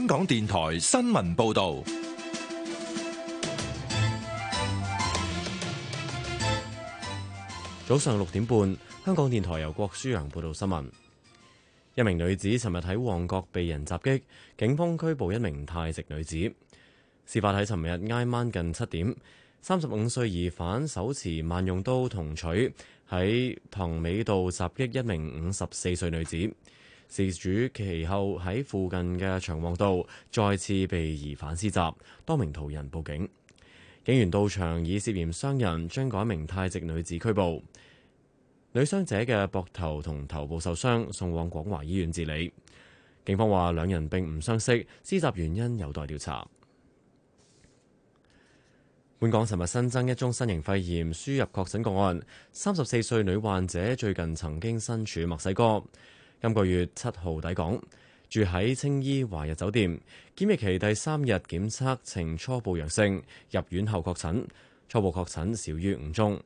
香港電台新聞報道，早上六點半，香港電台由郭舒揚報道新聞。一名女子尋日喺旺角被人襲擊，警方拘捕一名泰籍女子。事發喺尋日挨晚近七點，三十五歲疑犯手持萬用刀同錘喺塘尾道襲擊一名五十四歲女子。事主其後喺附近嘅長旺道再次被疑犯施襲，多名途人報警，警員到場以涉嫌傷人將嗰一名泰籍女子拘捕。女傷者嘅膊頭同頭部受傷，送往廣華醫院治理。警方話兩人並唔相識，施襲原因有待調查。本港尋日新增一宗新型肺炎輸入確診個案，三十四歲女患者最近曾經身處墨西哥。今個月七號抵港，住喺青衣華日酒店，檢疫期第三日檢測呈初步陽性，入院後確診，初步確診少於五宗。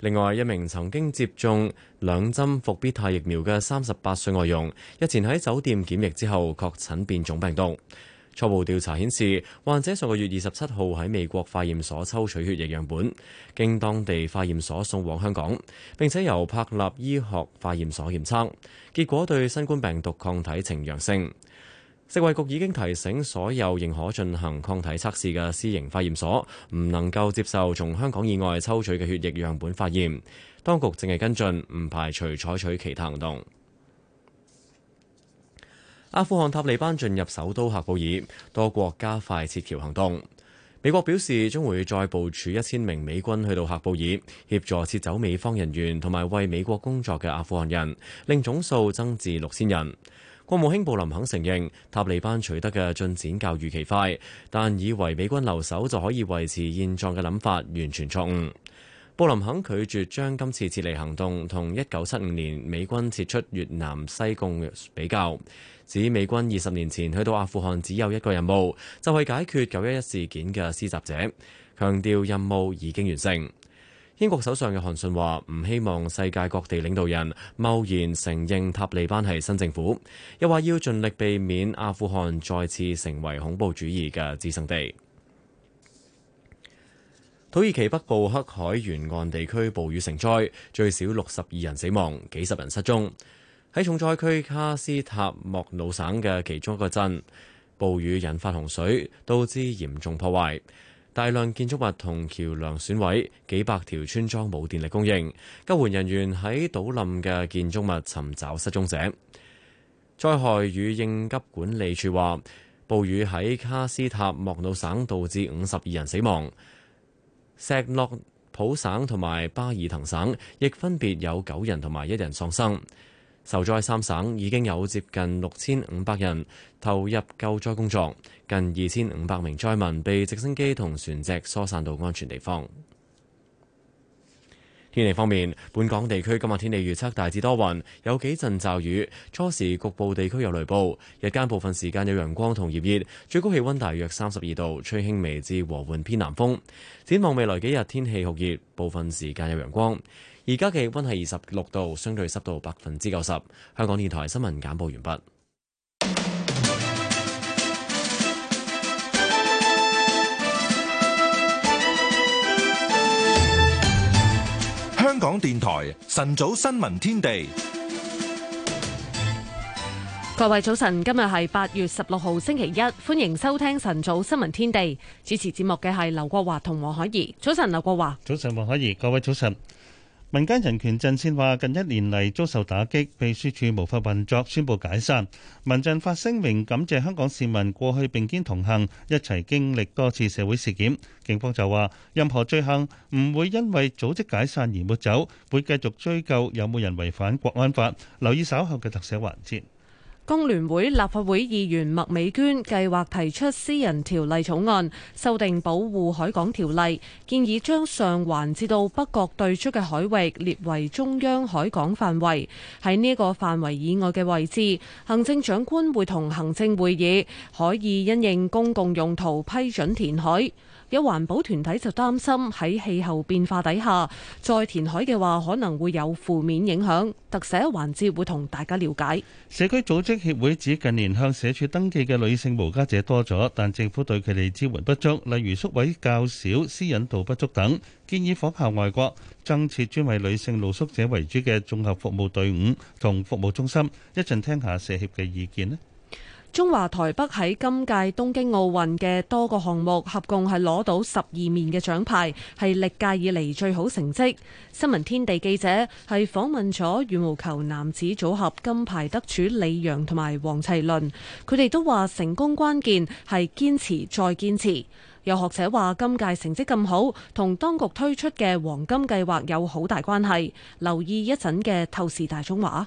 另外一名曾經接種兩針復必泰疫苗嘅三十八歲外傭，日前喺酒店檢疫之後確診變種病毒。初步調查顯示，患者上個月二十七號喺美國化驗所抽取血液樣本，經當地化驗所送往香港，並且由柏立醫學化驗所驗測，結果對新冠病毒抗體呈陽性。食衛局已經提醒所有認可進行抗體測試嘅私營化驗所，唔能夠接受從香港以外抽取嘅血液樣本化驗。當局淨係跟進，唔排除採取其他行動。阿富汗塔利班進入首都喀布爾，多國加快撤僑行動。美國表示將會再部署一千名美軍去到喀布爾，協助撤走美方人員同埋為美國工作嘅阿富汗人，令總數增至六千人。國務卿布林肯承認塔利班取得嘅進展較預期快，但以為美軍留守就可以維持現狀嘅諗法完全錯誤。布林肯拒絕將今次撤離行動同一九七五年美軍撤出越南西貢比較。指美軍二十年前去到阿富汗只有一個任務，就係、是、解決九一一事件嘅施襲者，強調任務已經完成。英國首相嘅韓信話唔希望世界各地領導人貿然承認塔利班係新政府，又話要盡力避免阿富汗再次成為恐怖主義嘅滋生地。土耳其北部黑海沿岸地區暴雨成災，最少六十二人死亡，幾十人失蹤。喺重災區卡斯塔莫努省嘅其中一個鎮，暴雨引發洪水，導致嚴重破壞，大量建築物同橋梁損毀，幾百條村莊冇電力供應。救援人員喺倒冧嘅建築物尋找失蹤者。災害與應急管理處話，暴雨喺卡斯塔莫努省導致五十二人死亡，石諾普省同埋巴爾滕省亦分別有九人同埋一人喪生。受災三省已經有接近六千五百人投入救災工作，近二千五百名災民被直升機同船隻疏散到安全地方。天氣方面，本港地區今日天氣預測大致多雲，有幾陣驟雨，初時局部地區有雷暴，日間部分時間有陽光同炎熱，最高氣溫大約三十二度，吹輕微至和緩偏南風。展望未來幾日天氣酷熱，部分時間有陽光。而家嘅溫係二十六度，相對濕度百分之九十。香港電台新聞簡報完畢。香港電台晨早新聞天地，各位早晨，今日係八月十六號星期一，歡迎收聽晨早新聞天地。主持節目嘅係劉國華同黃海怡。早晨，劉國華。早晨，黃海怡。各位早晨。民間人權陣線話：近一年嚟遭受打擊，秘書處無法運作，宣布解散。民陣發聲明感謝香港市民過去並肩同行，一齊經歷多次社會事件。警方就話：任何罪行唔會因為組織解散而抹走，會繼續追究有冇人違反國安法。留意稍後嘅特寫環節。工聯會立法會議員麥美娟計劃提出私人條例草案，修訂保護海港條例，建議將上環至到北角對出嘅海域列為中央海港範圍。喺呢個範圍以外嘅位置，行政長官會同行政會議可以因應公共用途批准填海。有環保團體就擔心喺氣候變化底下再填海嘅話，可能會有負面影響。特寫環節會同大家了解。社區組織協會指近年向社署登記嘅女性無家者多咗，但政府對佢哋支援不足，例如宿位較少、私隱度不足等，建議仿效外國增設專為女性露宿者為主嘅綜合服務隊伍同服務中心。一陣聽下社協嘅意見咧。中華台北喺今屆東京奧運嘅多個項目合共係攞到十二面嘅獎牌，係歷屆以嚟最好成績。新聞天地記者係訪問咗羽毛球男子組合金牌得主李洋同埋王齊麟，佢哋都話成功關鍵係堅持再堅持。有學者話今屆成績咁好，同當局推出嘅黃金計劃有好大關係。留意一陣嘅透視大中華。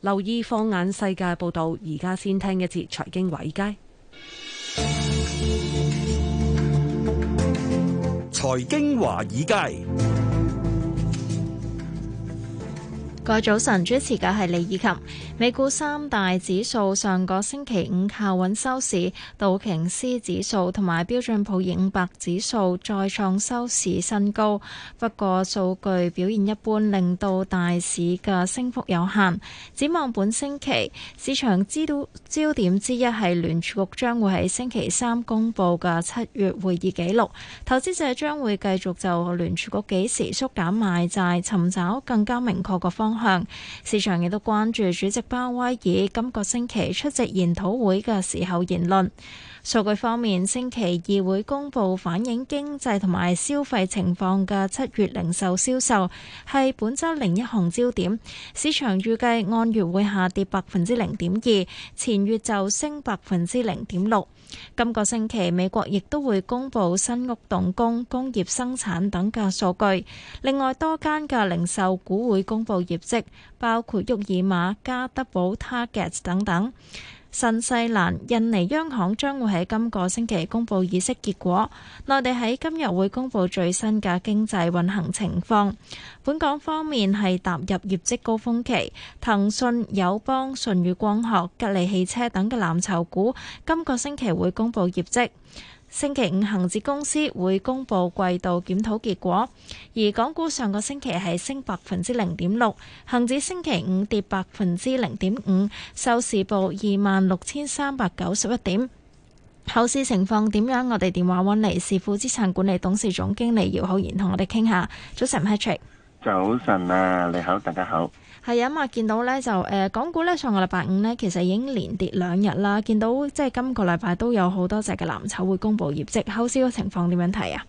留意放眼世界報道，而家先聽一節財經《華爾街》。財經華爾街。個早晨，主持嘅係李以琴。美股三大指數上個星期五靠穩收市，道瓊斯指數同埋標準普爾五百指數再創收市新高。不過數據表現一般，令到大市嘅升幅有限。展望本星期，市場知道焦點之一係聯儲局將會喺星期三公布嘅七月會議紀錄，投資者將會繼續就聯儲局幾時縮減買債尋找更加明確嘅方向。向市場亦都關注主席鮑威爾今個星期出席研討會嘅時候言論。數據方面，星期二會公布反映經濟同埋消費情況嘅七月零售銷售，係本周另一項焦點。市場預計按月會下跌百分之零點二，前月就升百分之零點六。今個星期，美國亦都會公布新屋動工、工業生產等嘅數據。另外，多間嘅零售股會公布業績，包括沃爾瑪、加德寶、Target 等等。新西蘭、印尼央行將會喺今個星期公布議息結果，內地喺今日會公布最新嘅經濟運行情況。本港方面係踏入業績高峰期，騰訊、友邦、舜宇光學、吉利汽車等嘅藍籌股今個星期會公布業績。星期五恒指公司會公布季度檢討結果，而港股上個星期係升百分之零點六，恒指星期五跌百分之零點五，收市報二萬六千三百九十一點。後市情況點樣？我哋電話揾嚟，時富資產管理董事總經理姚浩然同我哋傾下。早晨，Patrick。早晨啊，你好，大家好。係啊嘛，見到咧就誒、呃，港股咧上個禮拜五咧其實已經連跌兩日啦。見到即係今個禮拜都有好多隻嘅藍籌會公布業績，後市嘅情況點樣睇啊？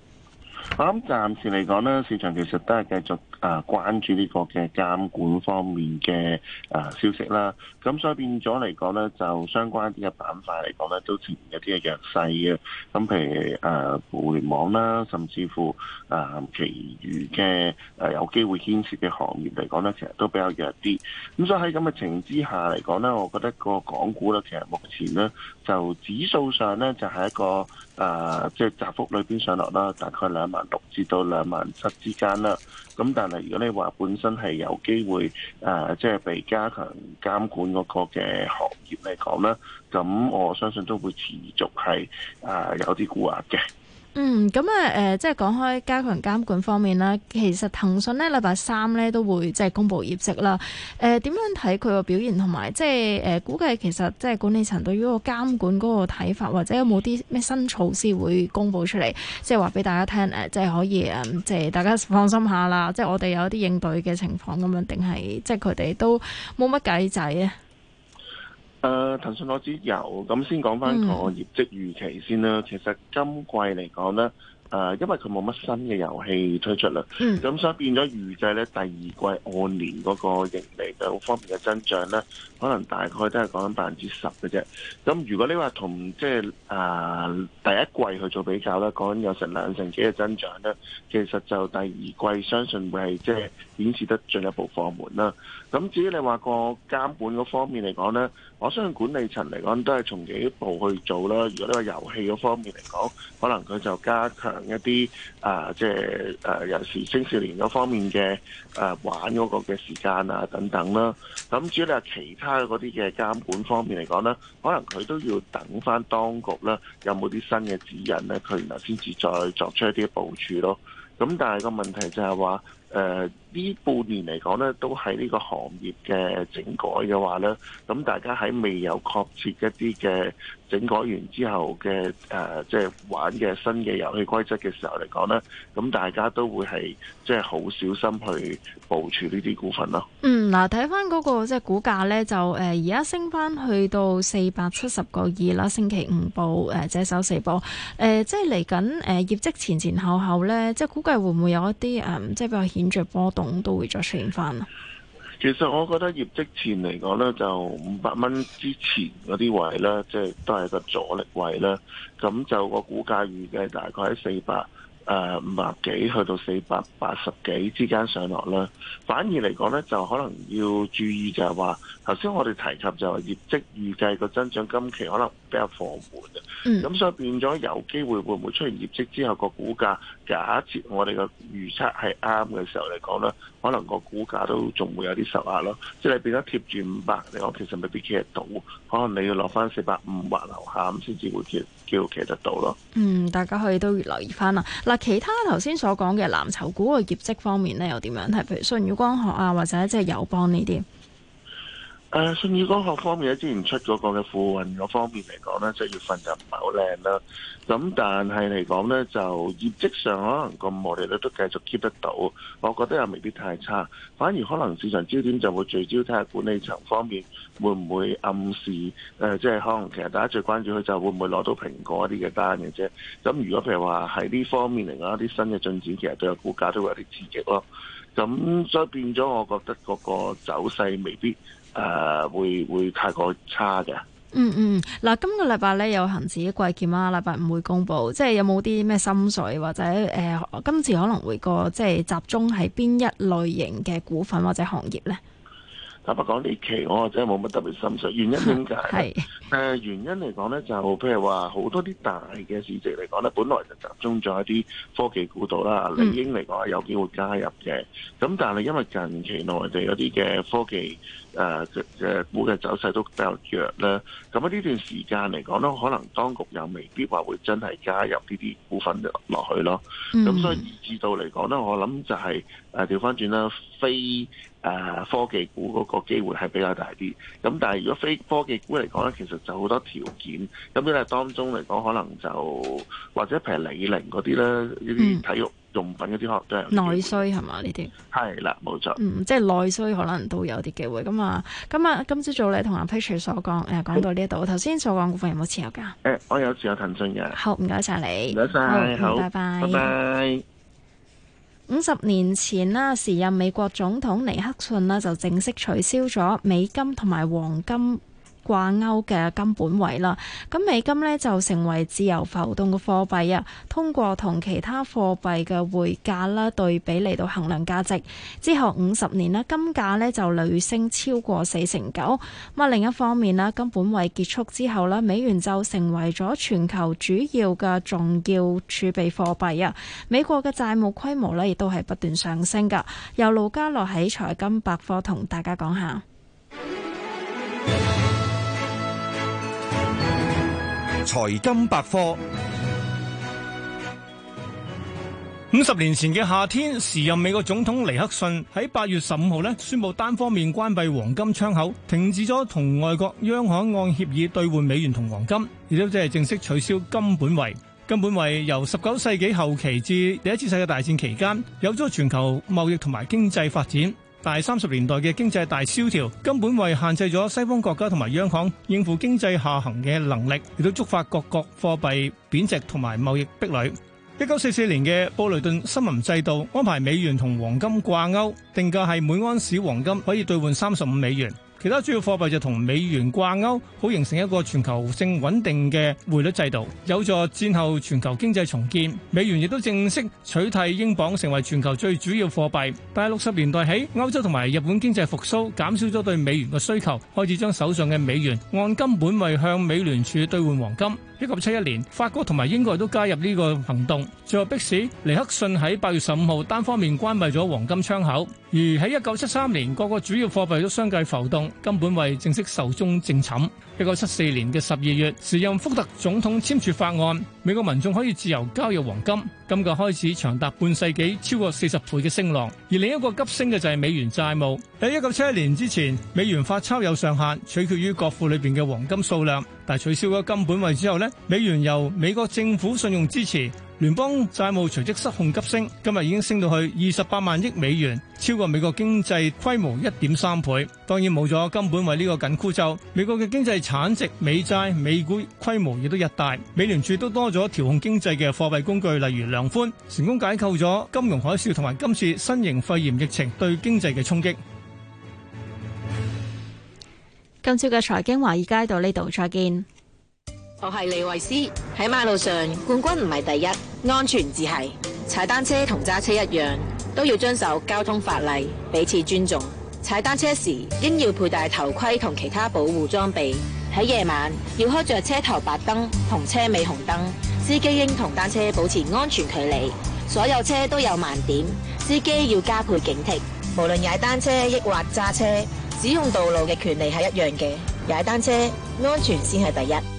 我諗、嗯、暫時嚟講呢，市場其實都係繼續。啊，關注呢個嘅監管方面嘅啊消息啦，咁所以變咗嚟講呢，就相關啲嘅板塊嚟講呢，都自然一啲嘅弱勢嘅。咁譬如啊、呃，互聯網啦，甚至乎啊、呃，其餘嘅誒、呃、有機會牽涉嘅行業嚟講呢，其實都比較弱啲。咁所以喺咁嘅情形之下嚟講呢，我覺得個港股呢，其實目前呢，就指數上呢，就係、是、一個啊，即係窄幅裏邊上落啦，大概兩萬六至到兩萬七之間啦。咁但係如果你話本身係有機會，誒，即係被加強監管嗰個嘅行業嚟講咧，咁我相信都會持續係誒有啲沽壓嘅。嗯，咁啊，誒、呃，即係講開加強監管方面啦，其實騰訊咧禮拜三咧都會即係公布業績啦。誒、呃，點樣睇佢個表現同埋，即係誒、呃，估計其實即係管理層對於個監管嗰個睇法，或者有冇啲咩新措施會公布出嚟，即係話俾大家聽，誒，即係可以啊，即係大家放心下啦。即係我哋有啲應對嘅情況咁樣，定係即係佢哋都冇乜計仔咧？誒、uh, 騰訊攞支油，咁先講翻個業績預期先啦。Mm. 其實今季嚟講咧，誒、呃、因為佢冇乜新嘅遊戲推出啦，咁、mm. 所以變咗預計咧第二季按年嗰個盈利兩方面嘅增長咧，可能大概都係講緊百分之十嘅啫。咁如果你話同即係誒第一季去做比較咧，講緊有成兩成幾嘅增長咧，其實就第二季相信會係即係、就是。顯示得進一步放緩啦。咁至於你話個監管嗰方面嚟講呢，我相信管理層嚟講都係從幾步去做啦。如果喺遊戲嗰方面嚟講，可能佢就加強一啲誒，即係誒有時青少年嗰方面嘅誒、呃、玩嗰個嘅時間啊等等啦。咁至於你話其他嗰啲嘅監管方面嚟講呢，可能佢都要等翻當局啦，有冇啲新嘅指引呢？佢然後先至再作出一啲部署咯。咁但係個問題就係話誒。呃呢半年嚟講呢都係呢個行業嘅整改嘅話呢，咁大家喺未有確切一啲嘅整改完之後嘅誒、呃，即係玩嘅新嘅遊戲規則嘅時候嚟講呢，咁大家都會係即係好小心去部署呢啲股份咯。嗯，嗱、那個，睇翻嗰個即係股價呢，就誒而家升翻去到四百七十個二啦，星期五報誒隻手四波，誒、呃、即係嚟緊誒業績前前後後呢，即係估計會唔會有一啲誒、呃、即係比較顯著波動？總都會再出現翻。其實我覺得業績前嚟講呢就五百蚊之前嗰啲位呢，即係都係個阻力位啦。咁就個股價預計大概喺四百。誒，五百幾去到四百八十幾之間上落啦。反而嚟講咧就可能要注意就係話，頭先我哋提及就係業績預計個增長，今期可能比較放緩啊。咁、嗯、所以變咗有機會會唔會出現業績之後個股價，假設我哋嘅預測係啱嘅時候嚟講咧，可能個股價都仲會有啲受壓咯。即係你變咗貼住五百嚟講，其實未必企得到，可能你要落翻四百五或樓下咁先至會跌。叫企得到咯。嗯，大家可以都留意翻啦。嗱、啊，其他頭先所講嘅藍籌股嘅業績方面咧，又點樣睇？譬如舜宇光學啊，或者即係友邦呢啲。誒，uh, 舜宇光學方面咧，之前出嗰個嘅貨運嗰方面嚟講咧，七、就是、月份就唔係好靚啦。咁但係嚟講咧，就業績上可能個毛利率都繼續 keep 得到，我覺得又未必太差。反而可能市場焦點就會聚焦睇下管理層方面會唔會暗示，誒、呃，即、就、係、是、可能其實大家最關注佢就會唔會攞到蘋果啲嘅單嘅啫。咁如果譬如話喺呢方面嚟講一啲新嘅進展，其實對個股價都會有啲刺激咯。咁所以變咗，我覺得嗰個走勢未必。誒、呃，會會太過差嘅、嗯。嗯嗯，嗱，今個禮拜咧，有恒指季檢啊，禮拜五會公布，即係有冇啲咩心水或者誒、呃，今次可能會個即係集中喺邊一類型嘅股份或者行業咧？坦白講，呢期我真係冇乜特別心水，原因點解？係誒是原因嚟講咧，就譬如話好多啲大嘅市值嚟講咧，本來就集中咗一啲科技股度啦。理應嚟講係有機會加入嘅，咁、嗯、但係因為近期內地嗰啲嘅科技誒嘅、啊、股嘅走勢都比較弱咧，咁啊呢段時間嚟講咧，可能當局又未必話會真係加入呢啲股份落去咯。咁、嗯、所以至到嚟講咧，我諗就係誒調返轉啦，非。誒，科技股嗰個機會係比較大啲，咁但係如果非科技股嚟講咧，其實就好多條件，咁咧當中嚟講，可能就或者譬如李寧嗰啲咧，呢啲、嗯、體育用品嗰啲可能都係內需係嘛？呢啲係啦，冇錯、嗯，即係內需可能都有啲機會，咁啊，咁啊，今朝早咧同阿 Patrick 所講，誒、呃，講到呢一度，頭先、嗯、所講股份有冇持有噶？誒、欸，我有持有騰訊嘅。好，唔該晒你。唔該晒，好，好拜拜。Bye bye。五十年前啦，時任美國總統尼克遜啦就正式取消咗美金同埋黃金掛鈎嘅金本位啦，咁美金呢，就成為自由浮動嘅貨幣啊，通過同其他貨幣嘅匯價啦對比嚟到衡量價值。之後五十年咧，金價呢，就累升超過四成九。咁另一方面呢，金本位結束之後呢，美元就成為咗全球主要嘅重要儲備貨幣啊。美國嘅債務規模呢，亦都係不斷上升㗎。由盧家樂喺財金百科同大家講下。財金百科。五十年前嘅夏天，時任美國總統尼克遜喺八月十五號咧宣佈單方面關閉黃金窗口，停止咗同外國央行按協議兌換美元同黃金，亦都即係正式取消金本位。金本位由十九世紀後期至第一次世界大戰期間，有咗全球貿易同埋經濟發展。大三十年代嘅經濟大蕭條，根本為限制咗西方國家同埋央行應付經濟下行嘅能力，亦都觸發各國貨幣貶值同埋貿易壁壘。一九四四年嘅布雷頓森林制度安排美元同黃金掛鈎，定價係每盎司黃金可以兌換三十五美元。其他主要貨幣就同美元掛鈎，好形成一個全球性穩定嘅匯率制度，有助戰後全球經濟重建。美元亦都正式取替英鎊成為全球最主要貨幣。但係六十年代起，歐洲同埋日本經濟復蘇，減少咗對美元嘅需求，開始將手上嘅美元按金本位向美聯儲兌換黃金。一九七一年，法國同埋英國都加入呢個行動。最後迫使尼克遜喺八月十五號單方面關閉咗黃金窗口。而喺一九七三年，各個主要貨幣都相繼浮動，金本位正式壽終正寢。一九七四年嘅十二月，時任福特總統簽署法案，美國民眾可以自由交易黃金。金價開始長達半世紀，超過四十倍嘅升浪。而另一個急升嘅就係美元債務。喺一九七一年之前，美元發鈔有上限，取決於國庫裏邊嘅黃金數量。但取消咗金本位之後呢，美元由美國政府信用支持。聯邦債務隨即失控急升，今日已經升到去二十八萬億美元，超過美國經濟規模一點三倍。當然冇咗金本位呢個緊箍咒，美國嘅經濟產值、美債、美股規模亦都日大，美聯儲都多咗調控經濟嘅貨幣工具，例如量寬，成功解構咗金融海嘯同埋今次新型肺炎疫情對經濟嘅衝擊。今朝嘅財經華爾街到呢度再見。我係李慧詩，喺馬路上冠軍唔係第一，安全至係，踩單車同揸車一樣，都要遵守交通法例，彼此尊重。踩單車時應要佩戴頭盔同其他保護裝備。喺夜晚要開着車頭白燈同車尾紅燈。司機應同單車保持安全距離。所有車都有盲點，司機要加倍警惕。無論踩單車抑或揸車，使用道路嘅權利係一樣嘅。踩單車安全先係第一。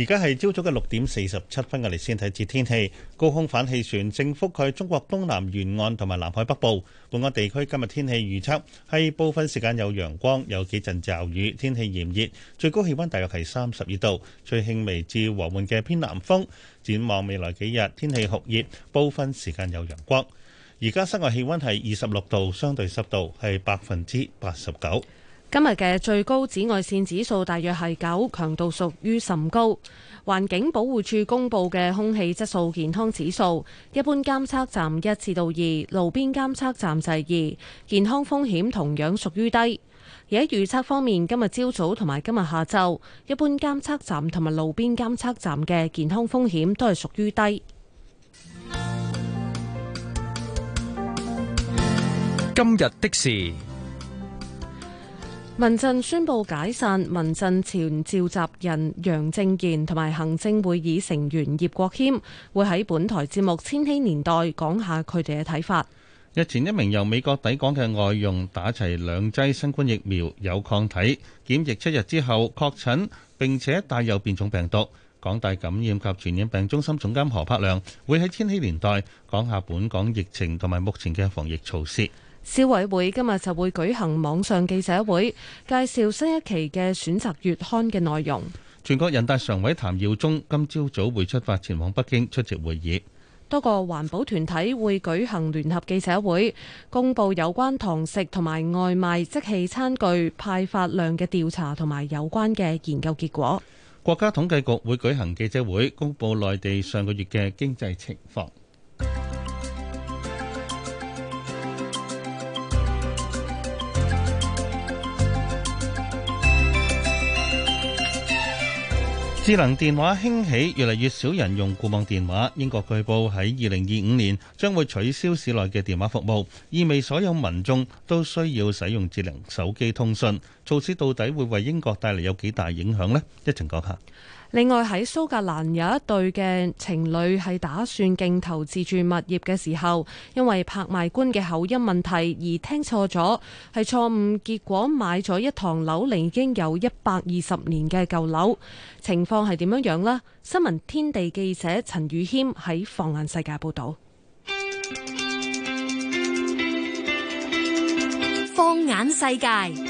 而家係朝早嘅六點四十七分，我哋先睇次天氣。高空反氣旋正覆蓋中國東南沿岸同埋南海北部。本港地區今日天氣預測係部分時間有陽光，有幾陣驟雨，天氣炎熱，最高氣溫大約係三十二度，吹輕微至和緩嘅偏南風。展望未來幾日，天氣酷熱，部分時間有陽光。而家室外氣溫係二十六度，相對濕度係百分之八十九。今日嘅最高紫外線指數大約係九，強度屬於甚高。環境保護署公布嘅空氣質素健康指數，一般監測站一至到二，路邊監測站就係二，健康風險同樣屬於低。而喺預測方面，今日朝早同埋今日下晝，一般監測站同埋路邊監測站嘅健康風險都係屬於低。今日的事。民陣宣布解散，民陣前召集人楊政賢同埋行政會議成員葉國謙會喺本台節目《千禧年代》講下佢哋嘅睇法。日前一名由美國抵港嘅外佣打齊兩劑新冠疫苗有抗體，檢疫七日之後確診並且帶有變種病毒。港大感染及傳染病中心總監何柏良會喺《千禧年代》講下本港疫情同埋目前嘅防疫措施。消委會今日就會舉行網上記者會，介紹新一期嘅選擇月刊嘅內容。全國人大常委譚耀宗今朝早會出發前往北京出席會議。多個環保團體會舉行聯合記者會，公布有關堂食同埋外賣即棄餐具派發量嘅調查同埋有關嘅研究結果。國家統計局會舉行記者會，公布內地上個月嘅經濟情況。智能電話興起，越嚟越少人用固網電話。英國據報喺二零二五年將會取消市內嘅電話服務，意味所有民眾都需要使用智能手機通訊。措施到底會為英國帶嚟有幾大影響呢？一陣講一下。另外喺蘇格蘭有一對嘅情侶係打算競投自住物業嘅時候，因為拍賣官嘅口音問題而聽錯咗，係錯誤，結果買咗一幢樓齡已經有一百二十年嘅舊樓。情況係點樣樣呢？新聞天地記者陳宇謙喺放眼世界報道。放眼世界。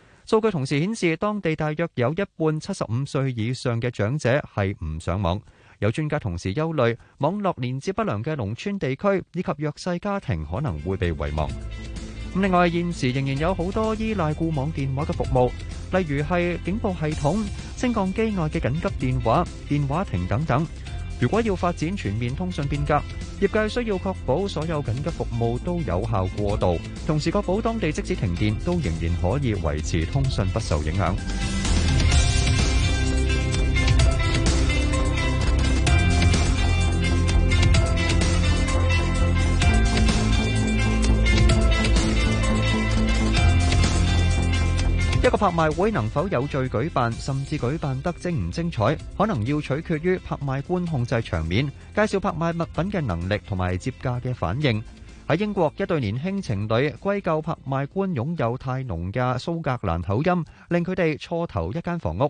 數據同時顯示，當地大約有一半七十五歲以上嘅長者係唔上網。有專家同時憂慮，網絡連接不良嘅農村地區以及弱勢家庭可能會被遺忘。咁另外，現時仍然有好多依賴固網電話嘅服務，例如係警報系統、升降機外嘅緊急電話、電話亭等等。如果要發展全面通訊變革，業界需要確保所有緊急服務都有效過渡，同時確保當地即使停電都仍然可以維持通訊不受影響。個拍賣會能否有序舉辦，甚至舉辦得精唔精彩，可能要取決於拍賣官控制場面、介紹拍賣物品嘅能力同埋接價嘅反應。喺英國，一對年輕情侶歸咎拍賣官擁有太濃嘅蘇格蘭口音，令佢哋錯投一間房屋。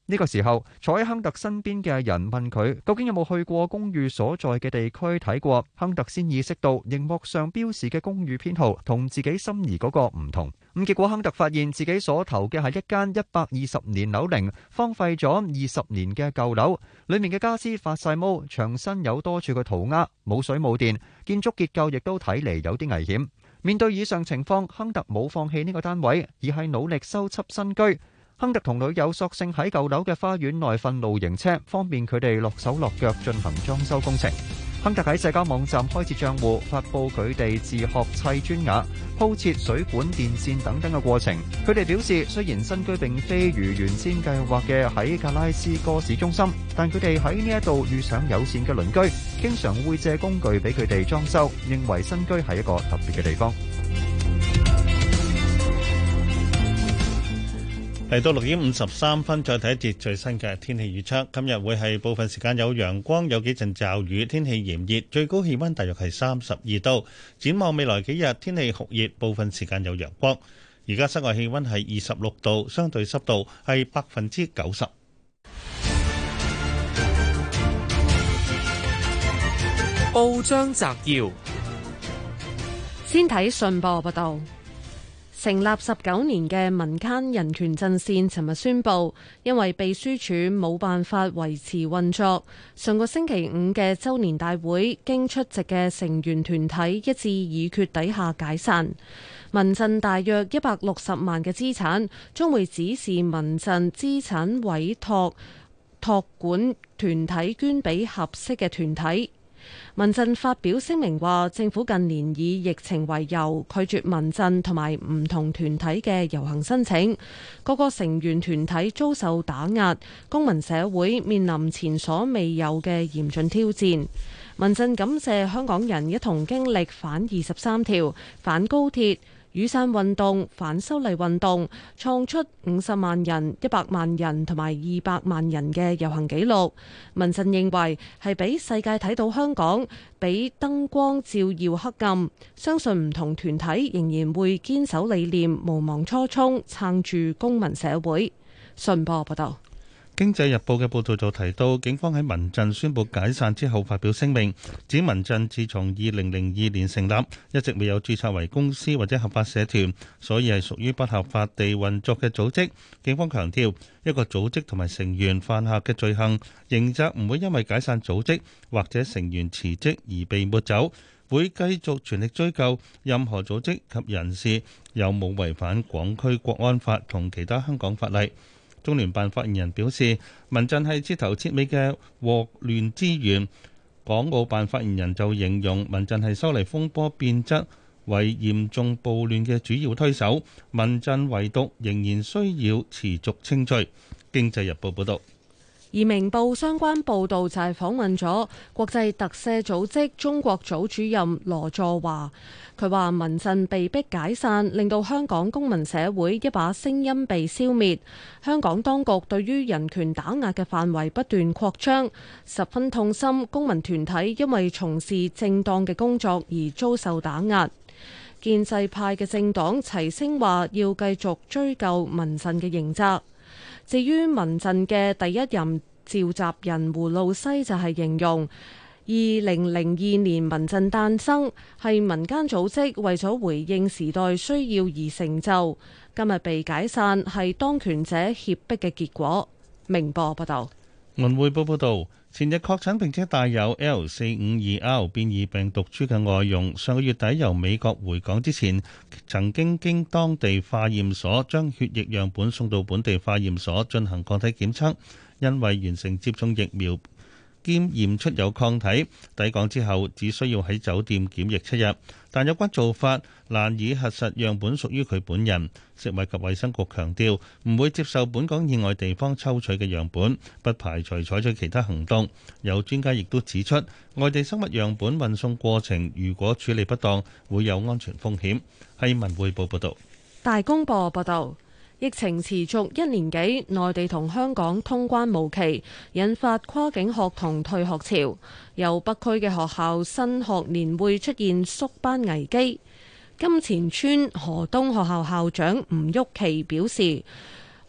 呢個時候，坐喺亨特身邊嘅人問佢，究竟有冇去過公寓所在嘅地區睇過？亨特先意識到，熒幕上標示嘅公寓編號同自己心儀嗰個唔同。咁結果，亨特發現自己所投嘅係一間一百二十年樓齡、荒廢咗二十年嘅舊樓，裏面嘅家私發晒毛，牆身有多處嘅塗鴉，冇水冇電，建築結構亦都睇嚟有啲危險。面對以上情況，亨特冇放棄呢個單位，而係努力修葺新居。亨特同女友索性喺舊樓嘅花園內瞓露營車，方便佢哋落手落腳進行裝修工程。亨特喺社交網站開設賬戶，發布佢哋自學砌磚瓦、鋪設水管、電線等等嘅過程。佢哋表示，雖然新居並非如原先計劃嘅喺格拉斯哥市中心，但佢哋喺呢一度遇上友善嘅鄰居，經常會借工具俾佢哋裝修，認為新居係一個特別嘅地方。嚟到六點五十三分，再睇一節最新嘅天氣預測。今日會係部分時間有陽光，有幾陣驟雨，天氣炎熱，最高氣溫大約係三十二度。展望未來幾日，天氣酷熱，部分時間有陽光。而家室外氣溫係二十六度，相對濕度係百分之九十。報章摘要，先睇信報報道。成立十九年嘅民間人權陣線，尋日宣布，因為秘書處冇辦法維持運作，上個星期五嘅周年大會，經出席嘅成員團體一致議決底下解散。民陣大約一百六十萬嘅資產，將會指示民陣資產委託託管團體捐俾合適嘅團體。民陣發表聲明話，政府近年以疫情為由拒絕民陣同埋唔同團體嘅遊行申請，各個成員團體遭受打壓，公民社會面臨前所未有嘅嚴峻挑戰。民陣感謝香港人一同經歷反二十三條、反高鐵。雨傘運動、反修例運動創出五十萬人、一百萬人同埋二百萬人嘅遊行記錄。民陣認為係俾世界睇到香港俾燈光照耀黑暗，相信唔同團體仍然會堅守理念，無忘初衷，撐住公民社會。信報報道。《經濟日報》嘅報導就提到，警方喺民陣宣布解散之後發表聲明，指民陣自從二零零二年成立，一直未有註冊為公司或者合法社團，所以係屬於不合法地運作嘅組織。警方強調，一個組織同埋成員犯下嘅罪行，刑責唔會因為解散組織或者成員辭職而被抹走，會繼續全力追究任何組織及人士有冇違反港區國安法同其他香港法例。中聯辦發言人表示，民陣係徹頭徹尾嘅禍亂之源。港澳辦發言人就形容，民陣係收嚟風波變質為嚴重暴亂嘅主要推手。民陣唯獨仍然需要持續清除。經濟日報報道。而《明報》相關報導就係訪問咗國際特赦組織中國組主任羅座華，佢話民陣被迫解散，令到香港公民社會一把聲音被消滅。香港當局對於人權打壓嘅範圍不斷擴張，十分痛心。公民團體因為從事正當嘅工作而遭受打壓。建制派嘅政黨齊聲話要繼續追究民陣嘅刑責。至於民陣嘅第一任召集人胡露西就係形容：二零零二年民陣誕生係民間組織為咗回應時代需要而成就，今日被解散係當權者脅迫嘅結果。明報報道。文匯報報道，前日確診並且帶有 L 四五二 R 變異病毒株嘅外傭，上個月底由美國回港之前，曾經經當地化驗所將血液樣本送到本地化驗所進行抗體檢測，因為完成接種疫苗。檢驗出有抗體，抵港之後只需要喺酒店檢疫七日。但有關做法難以核實樣本屬於佢本人。食物及衞生局強調，唔會接受本港以外地方抽取嘅樣本，不排除採取其他行動。有專家亦都指出，外地生物樣本運送過程如果處理不當，會有安全風險。係文匯報報道。大公報報導。疫情持續一年幾，內地同香港通關無期，引發跨境學童退學潮。由北區嘅學校新學年會出現縮班危機。金錢村河東學校校長吳旭琪表示。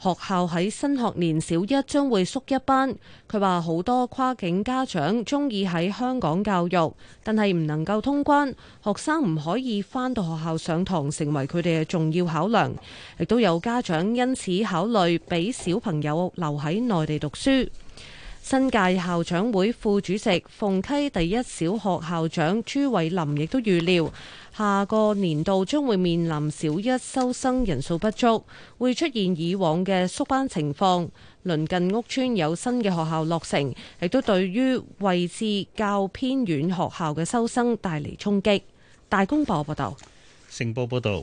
學校喺新學年小一將會縮一班。佢話好多跨境家長中意喺香港教育，但係唔能夠通關，學生唔可以返到學校上堂，成為佢哋嘅重要考量。亦都有家長因此考慮俾小朋友留喺內地讀書。新界校長會副主席鳳溪第一小學校長朱偉林亦都預料，下個年度將會面臨小一收生人數不足，會出現以往嘅縮班情況。鄰近屋邨有新嘅學校落成，亦都對於位置較偏遠學校嘅收生帶嚟衝擊。大公報報道，成報報道。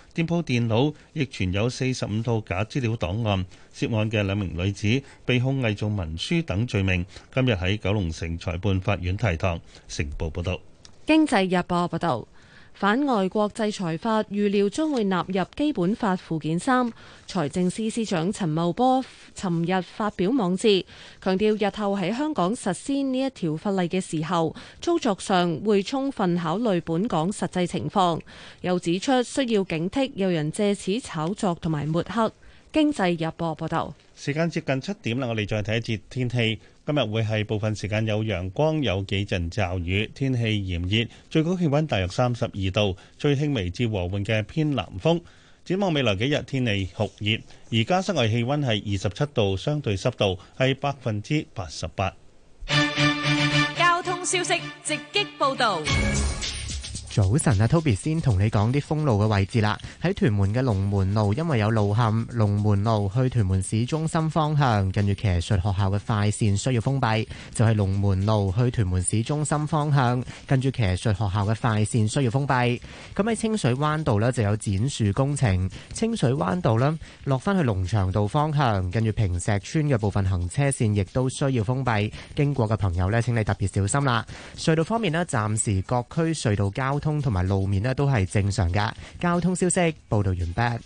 店鋪電腦亦存有四十五套假資料檔案，涉案嘅兩名女子被控偽造文書等罪名，今日喺九龍城裁判法院提堂。成報報道，經濟日報報道。反外國制裁法預料將會納入基本法附件三。財政司司長陳茂波尋日發表網誌，強調日後喺香港實施呢一條法例嘅時候，操作上會充分考慮本港實際情況。又指出需要警惕有人借此炒作同埋抹黑。經濟日報報道，時間接近七點啦，我哋再睇一節天氣。今日會係部分時間有陽光，有幾陣驟雨，天氣炎熱，最高氣溫大約三十二度，最輕微至和緩嘅偏南風。展望未來幾日天氣酷熱，而家室外氣溫係二十七度，相對濕度係百分之八十八。交通消息直擊報道。早晨啊，Toby 先同你講啲封路嘅位置啦。喺屯門嘅龍門路，因為有路陷，龍門路去屯門市中心方向，近住騎術學校嘅快線需要封閉，就係龍門路去屯門市中心方向，近住騎術學校嘅快線需要封閉。咁喺清水灣道咧就有剪樹工程，清水灣道咧落返去龍翔道方向，近住平石村嘅部分行車線亦都需要封閉，經過嘅朋友咧，請你特別小心啦。隧道方面咧，暫時各區隧道交。通同埋路面咧都係正常嘅。交通消息報道完畢。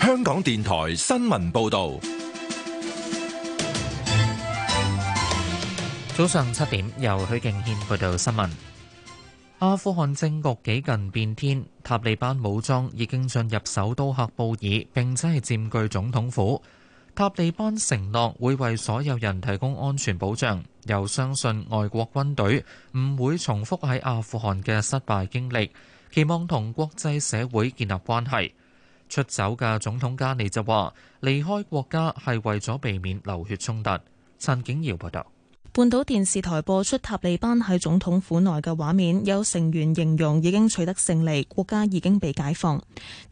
香港電台新聞報道，早上七點，由許敬軒報道新聞。阿富汗政局幾近變天，塔利班武裝已經進入首都喀布爾，並且係佔據總統府。塔利班承諾會為所有人提供安全保障，又相信外國軍隊唔會重複喺阿富汗嘅失敗經歷，期望同國際社會建立關係。出走嘅總統加尼就話：離開國家係為咗避免流血衝突。陳景耀報道。半島電視台播出塔利班喺總統府內嘅畫面，有成員形容已經取得勝利，國家已經被解放。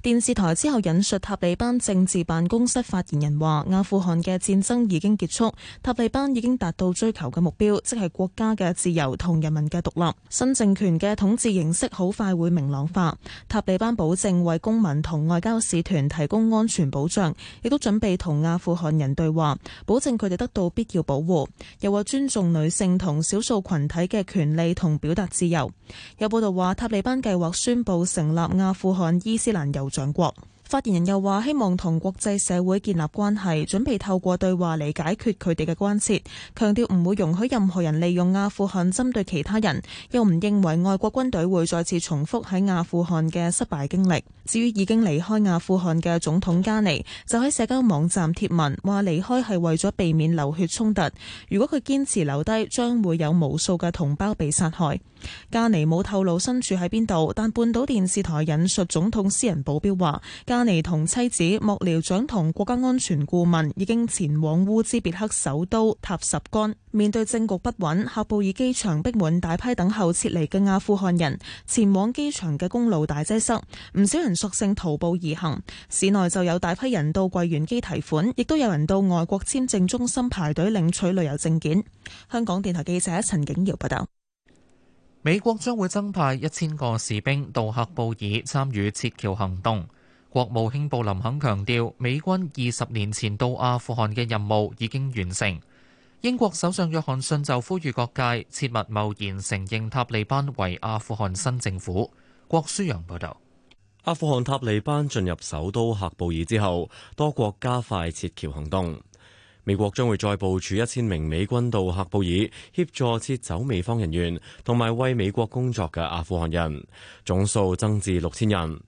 電視台之後引述塔利班政治辦公室發言人話，阿富汗嘅戰爭已經結束，塔利班已經達到追求嘅目標，即係國家嘅自由同人民嘅獨立。新政權嘅統治形式好快會明朗化。塔利班保證為公民同外交使團提供安全保障，亦都準備同阿富汗人對話，保證佢哋得到必要保護。又話尊眾女性同少數群體嘅權利同表達自由。有報道話，塔利班計劃宣布成立阿富汗伊斯蘭酋長國。發言人又話：希望同國際社會建立關係，準備透過對話嚟解決佢哋嘅關切，強調唔會容許任何人利用阿富汗針對其他人，又唔認為外國軍隊會再次重複喺阿富汗嘅失敗經歷。至於已經離開阿富汗嘅總統加尼，就喺社交網站貼文話離開係為咗避免流血衝突，如果佢堅持留低，將會有無數嘅同胞被殺害。加尼冇透露身處喺邊度，但半島電視台引述總統私人保鏢話加尼同妻子、幕僚長同國家安全顧問已經前往烏茲別克首都塔什干。面對政局不穩，喀布爾機場逼滿大批等候撤離嘅阿富汗人，前往機場嘅公路大擠塞，唔少人索性徒步而行。市內就有大批人到櫃員機提款，亦都有人到外國簽證中心排隊領取旅遊證件。香港電台記者陳景堯報道。美國將會增派一千個士兵到喀布爾參與撤僑行動。國務卿布林肯強調，美軍二十年前到阿富汗嘅任務已經完成。英國首相約翰遜就呼籲各界切勿貿然承認塔利班為阿富汗新政府。郭舒陽報道，阿富汗塔利班進入首都喀布爾之後，多國加快撤僑行動。美國將會再部署一千名美軍到喀布爾協助撤走美方人員同埋為美國工作嘅阿富汗人，總數增至六千人。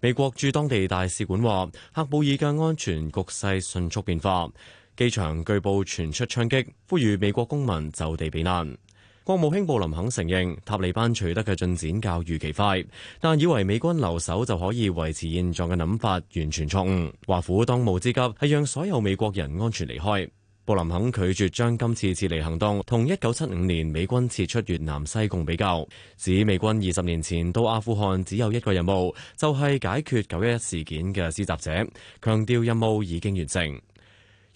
美國駐當地大使館話，喀布爾嘅安全局勢迅速變化，機場據報傳出槍擊，呼籲美國公民就地避難。國務卿布林肯承認，塔利班取得嘅進展較預期快，但以為美軍留守就可以維持現狀嘅諗法完全錯誤。華府當務之急係讓所有美國人安全離開。布林肯拒絕將今次撤離行動同一九七五年美軍撤出越南西貢比較，指美軍二十年前到阿富汗只有一個任務，就係解決九一一事件嘅施襲者，強調任務已經完成。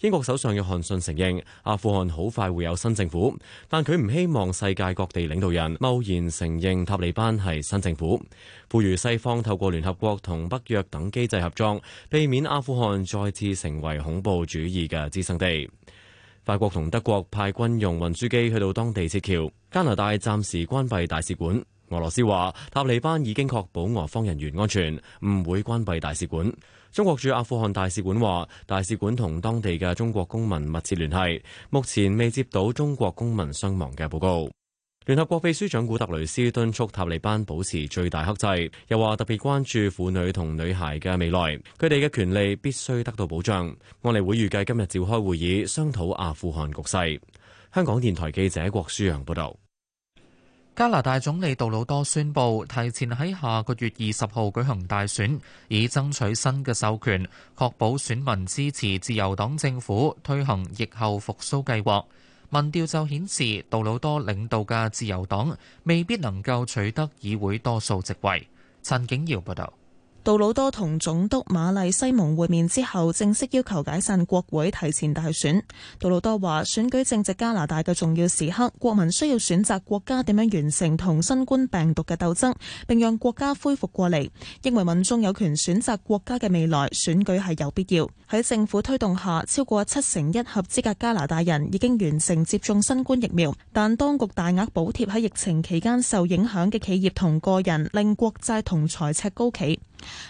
英國首相約翰遜承認阿富汗好快會有新政府，但佢唔希望世界各地領導人貿然承認塔利班係新政府，呼籲西方透過聯合國同北約等機制合作，避免阿富汗再次成為恐怖主義嘅滋生地。法國同德國派軍用運輸機去到當地撤僑，加拿大暫時關閉大使館。俄羅斯話，塔利班已經確保俄方人員安全，唔會關閉大使館。中國駐阿富汗大使館話，大使館同當地嘅中國公民密切聯繫，目前未接到中國公民傷亡嘅報告。聯合國秘書長古特雷斯敦促塔利班保持最大克制，又話特別關注婦女同女孩嘅未來，佢哋嘅權利必須得到保障。安理會預計今日召開會議，商討阿富汗局勢。香港電台記者郭舒揚報道。加拿大總理杜魯多宣布提前喺下個月二十號舉行大選，以爭取新嘅授權，確保選民支持自由黨政府推行疫後復甦計劃。民調就顯示杜魯多領導嘅自由黨未必能夠取得議會多數席位。陳景堯報道。杜魯多同總督瑪麗西蒙會面之後，正式要求解散國會、提前大選。杜魯多話：選舉正值加拿大嘅重要時刻，國民需要選擇國家點樣完成同新冠病毒嘅鬥爭，並讓國家恢復過嚟。因為民眾有權選擇國家嘅未來，選舉係有必要。喺政府推動下，超過七成一合資格加拿大人已經完成接種新冠疫苗。但當局大額補貼喺疫情期間受影響嘅企業同個人，令國債同財赤高企。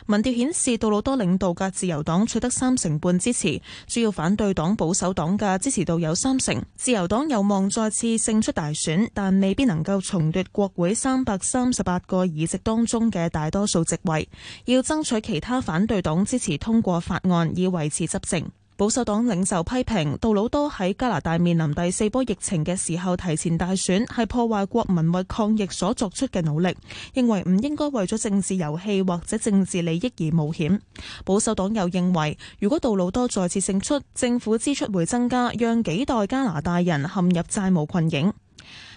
民調顯示，杜魯多領導嘅自由黨取得三成半支持，主要反對黨保守黨嘅支持度有三成。自由黨有望再次勝出大選，但未必能夠重奪國會三百三十八個議席當中嘅大多數席位，要爭取其他反對黨支持通過法案，以維次執政，保守黨領袖批評杜魯多喺加拿大面臨第四波疫情嘅時候提前大選，係破壞國民為抗疫所作出嘅努力，認為唔應該為咗政治遊戲或者政治利益而冒險。保守黨又認為，如果杜魯多再次勝出，政府支出會增加，讓幾代加拿大人陷入債務困境。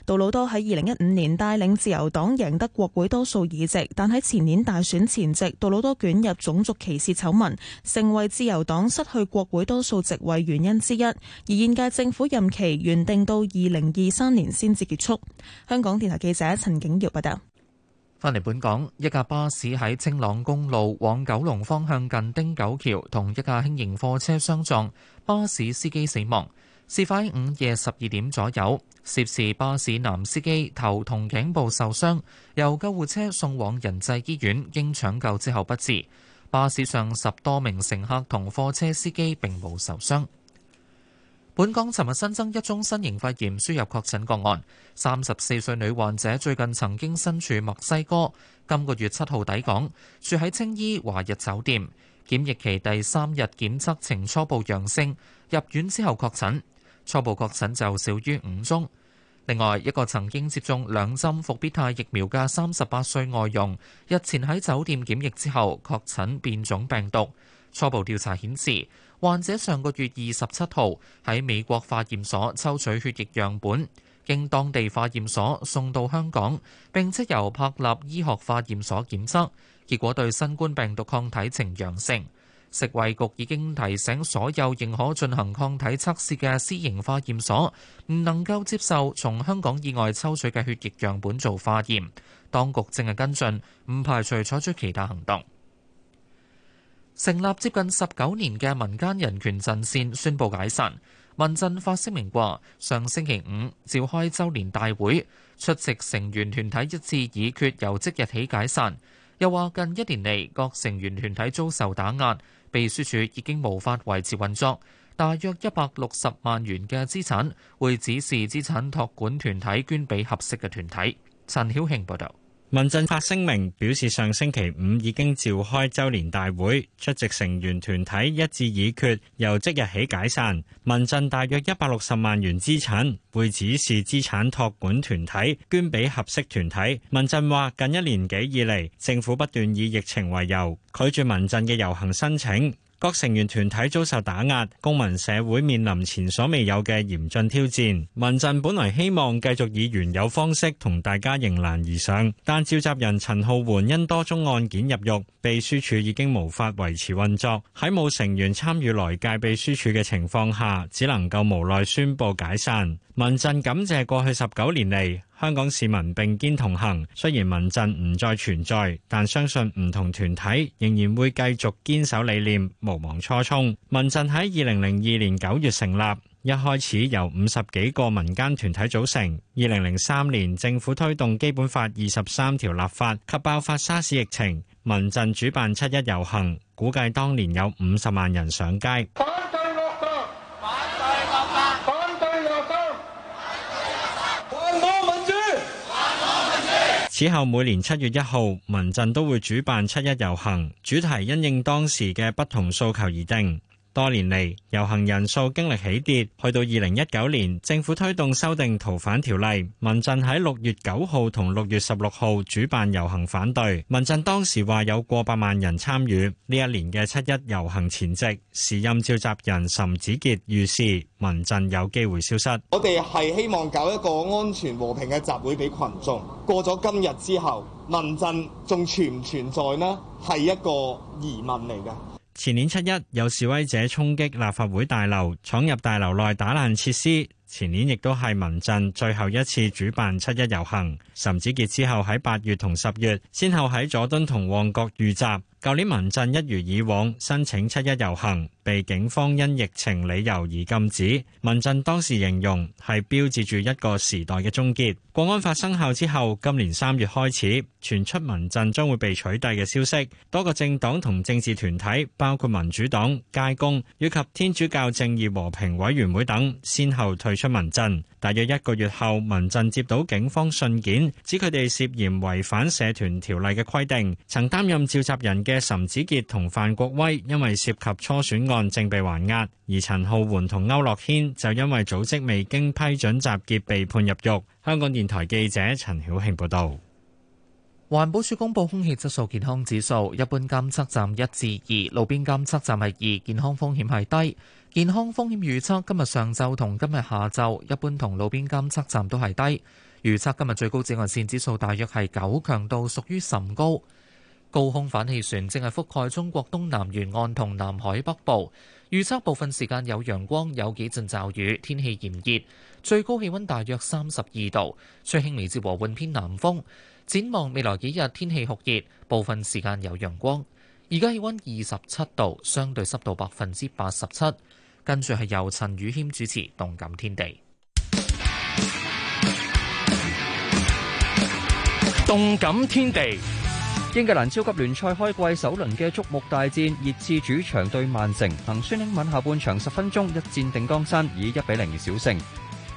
杜魯多喺二零一五年帶領自由黨贏得國會多數議席，但喺前年大選前夕，杜魯多捲入種族歧視醜聞，成為自由黨失去國會多數席位原因之一。而現屆政府任期原定到二零二三年先至結束。香港電台記者陳景耀報道。翻嚟本港，一架巴士喺青朗公路往九龍方向近汀九橋，同一架輕型貨車相撞，巴士司機死亡。事發喺午夜十二點左右，涉事巴士男司機頭同頸部受傷，由救護車送往仁濟醫院，經搶救之後不治。巴士上十多名乘客同貨車司機並無受傷。本港尋日新增一宗新型肺炎輸入確診個案，三十四歲女患者最近曾經身處墨西哥，今個月七號抵港，住喺青衣華日酒店，檢疫期第三日檢測呈初步陽性，入院之後確診。初步確診就少於五宗。另外一個曾經接種兩針復必泰疫苗嘅三十八歲外傭，日前喺酒店檢疫之後確診變種病毒。初步調查顯示，患者上個月二十七號喺美國化驗所抽取血液樣本，經當地化驗所送到香港，並且由柏立醫學化驗所檢測，結果對新冠病毒抗體呈陽性。食衛局已經提醒所有認可進行抗體測試嘅私營化驗所，唔能夠接受從香港以外抽取嘅血液樣本做化驗。當局正係跟進，唔排除採取其他行動。成立接近十九年嘅民間人權陣綫宣佈解散。民陣發聲明話，上星期五召開周年大會，出席成員團體一致議決由即日起解散。又話近一年嚟，各成員團體遭受打壓。秘書處已經無法維持運作，大約一百六十萬元嘅資產會指示資產託管團體捐俾合適嘅團體。陳曉慶報導。民陣發聲明表示，上星期五已經召開周年大會，出席成員團體一致議決，由即日起解散。民陣大約一百六十萬元資產會指示資產託管團體捐俾合適團體。民陣話，近一年幾以嚟，政府不斷以疫情為由，拒絕民陣嘅遊行申請。各成員團體遭受打壓，公民社會面臨前所未有嘅嚴峻挑戰。民陣本來希望繼續以原有方式同大家迎難而上，但召集人陳浩桓因多宗案件入獄，秘書處已經無法維持運作。喺冇成員參與來屆秘書處嘅情況下，只能夠無奈宣布解散。民陣感謝過去十九年嚟香港市民並肩同行，雖然民陣唔再存在，但相信唔同團體仍然會繼續堅守理念，無忘初衷。民陣喺二零零二年九月成立，一開始由五十幾個民間團體組成。二零零三年政府推動基本法二十三條立法及爆發沙士疫情，民陣主辦七一遊行，估計當年有五十萬人上街。此後每年七月一號，民陣都會主辦七一遊行，主題因應當時嘅不同訴求而定。多年嚟，遊行人數經歷起跌，去到二零一九年，政府推動修訂逃犯條例，民陣喺六月九號同六月十六號主辦遊行反對。民陣當時話有過百萬人參與。呢一年嘅七一遊行前夕，時任召集人岑子傑遇事，民陣有機會消失。我哋係希望搞一個安全和平嘅集會俾群眾。過咗今日之後，民陣仲存唔存在呢？係一個疑問嚟㗎。前年七一，有示威者衝擊立法會大樓，闖入大樓內打爛設施。前年亦都係民陣最後一次主辦七一遊行，岑子傑之後喺八月同十月，先後喺佐敦同旺角遇襲。舊年民陣一如以往申請七一遊行，被警方因疫情理由而禁止。民陣當時形容係標誌住一個時代嘅終結。《國安法》生效之後，今年三月開始傳出民陣將會被取締嘅消息，多個政黨同政治團體，包括民主黨、街工以及天主教正義和平委員會等，先後退出。出民陣，大約一個月後，民陣接到警方信件，指佢哋涉嫌違反社團條例嘅規定。曾擔任召集人嘅岑子傑同范國威，因為涉及初選案，正被還押；而陳浩桓同歐樂軒就因為組織未經批准集結，被判入獄。香港電台記者陳曉慶報道。環保署公布空氣質素健康指數，一般監測站一至二，路邊監測站係二，健康風險係低。健康風險預測今日上晝同今日下晝，一般同路邊監測站都係低。預測今日最高紫外線指數大約係九，強度屬於甚高。高空反氣旋正係覆蓋中國東南沿岸同南海北部，預測部分時間有陽光，有幾陣驟雨，天氣炎熱，最高氣温大約三十二度，吹輕微至和緩偏南風。展望未來幾日天氣酷熱，部分時間有陽光。而家氣温二十七度，相對濕度百分之八十七。跟住係由陳宇謙主持《動感天地》。《動感天地》 英格蘭超級聯賽開季首輪嘅矚目大戰，熱刺主場對曼城，憑孫興慜下半場十分鐘一戰定江山，以一比零小勝。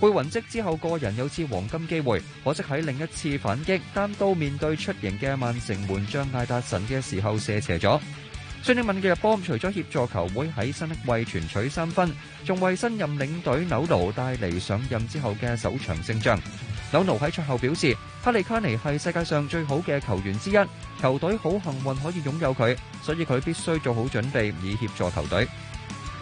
會雲積之後，個人有次黃金機會，可惜喺另一次反擊，單刀面對出迎嘅曼城門將艾達臣嘅時候射斜咗。孫興敏嘅入波除咗協助球會喺新季全取三分，仲為新任領隊紐奴帶嚟上任之後嘅首場勝仗。紐奴喺賽後表示：哈利卡尼係世界上最好嘅球員之一，球隊好幸運可以擁有佢，所以佢必須做好準備以協助球隊。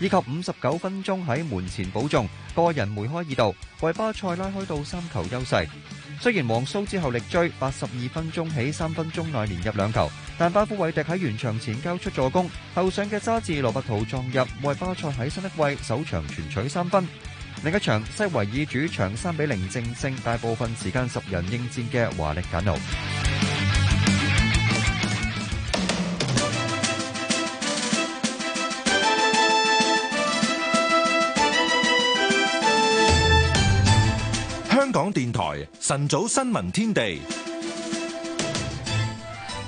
以及五十九分鐘喺門前保中，個人梅開二度，為巴塞拉開到三球優勢。雖然皇蘇之後力追，八十二分鐘起三分鐘內連入兩球，但巴富維迪喺完場前交出助攻，後上嘅揸治羅伯圖撞入，為巴塞喺新一季首場全取三分。另一場西維爾主場三比零淨勝大部分時間十人應戰嘅華力簡奴。港電台晨早新聞天地，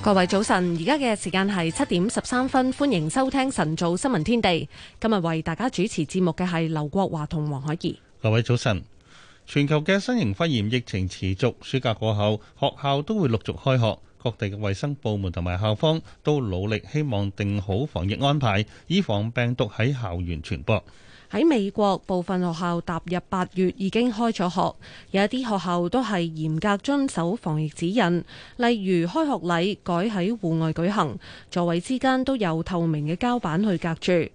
各位早晨，而家嘅時間係七點十三分，歡迎收聽晨早新聞天地。今日為大家主持節目嘅係劉國華同黃海怡。各位早晨，全球嘅新型肺炎疫情持續，暑假過後，學校都會陸續開學，各地嘅衛生部門同埋校方都努力希望定好防疫安排，以防病毒喺校園傳播。喺美國，部分學校踏入八月已經開咗學，有一啲學校都係嚴格遵守防疫指引，例如開學禮改喺戶外舉行，座位之間都有透明嘅膠板去隔住。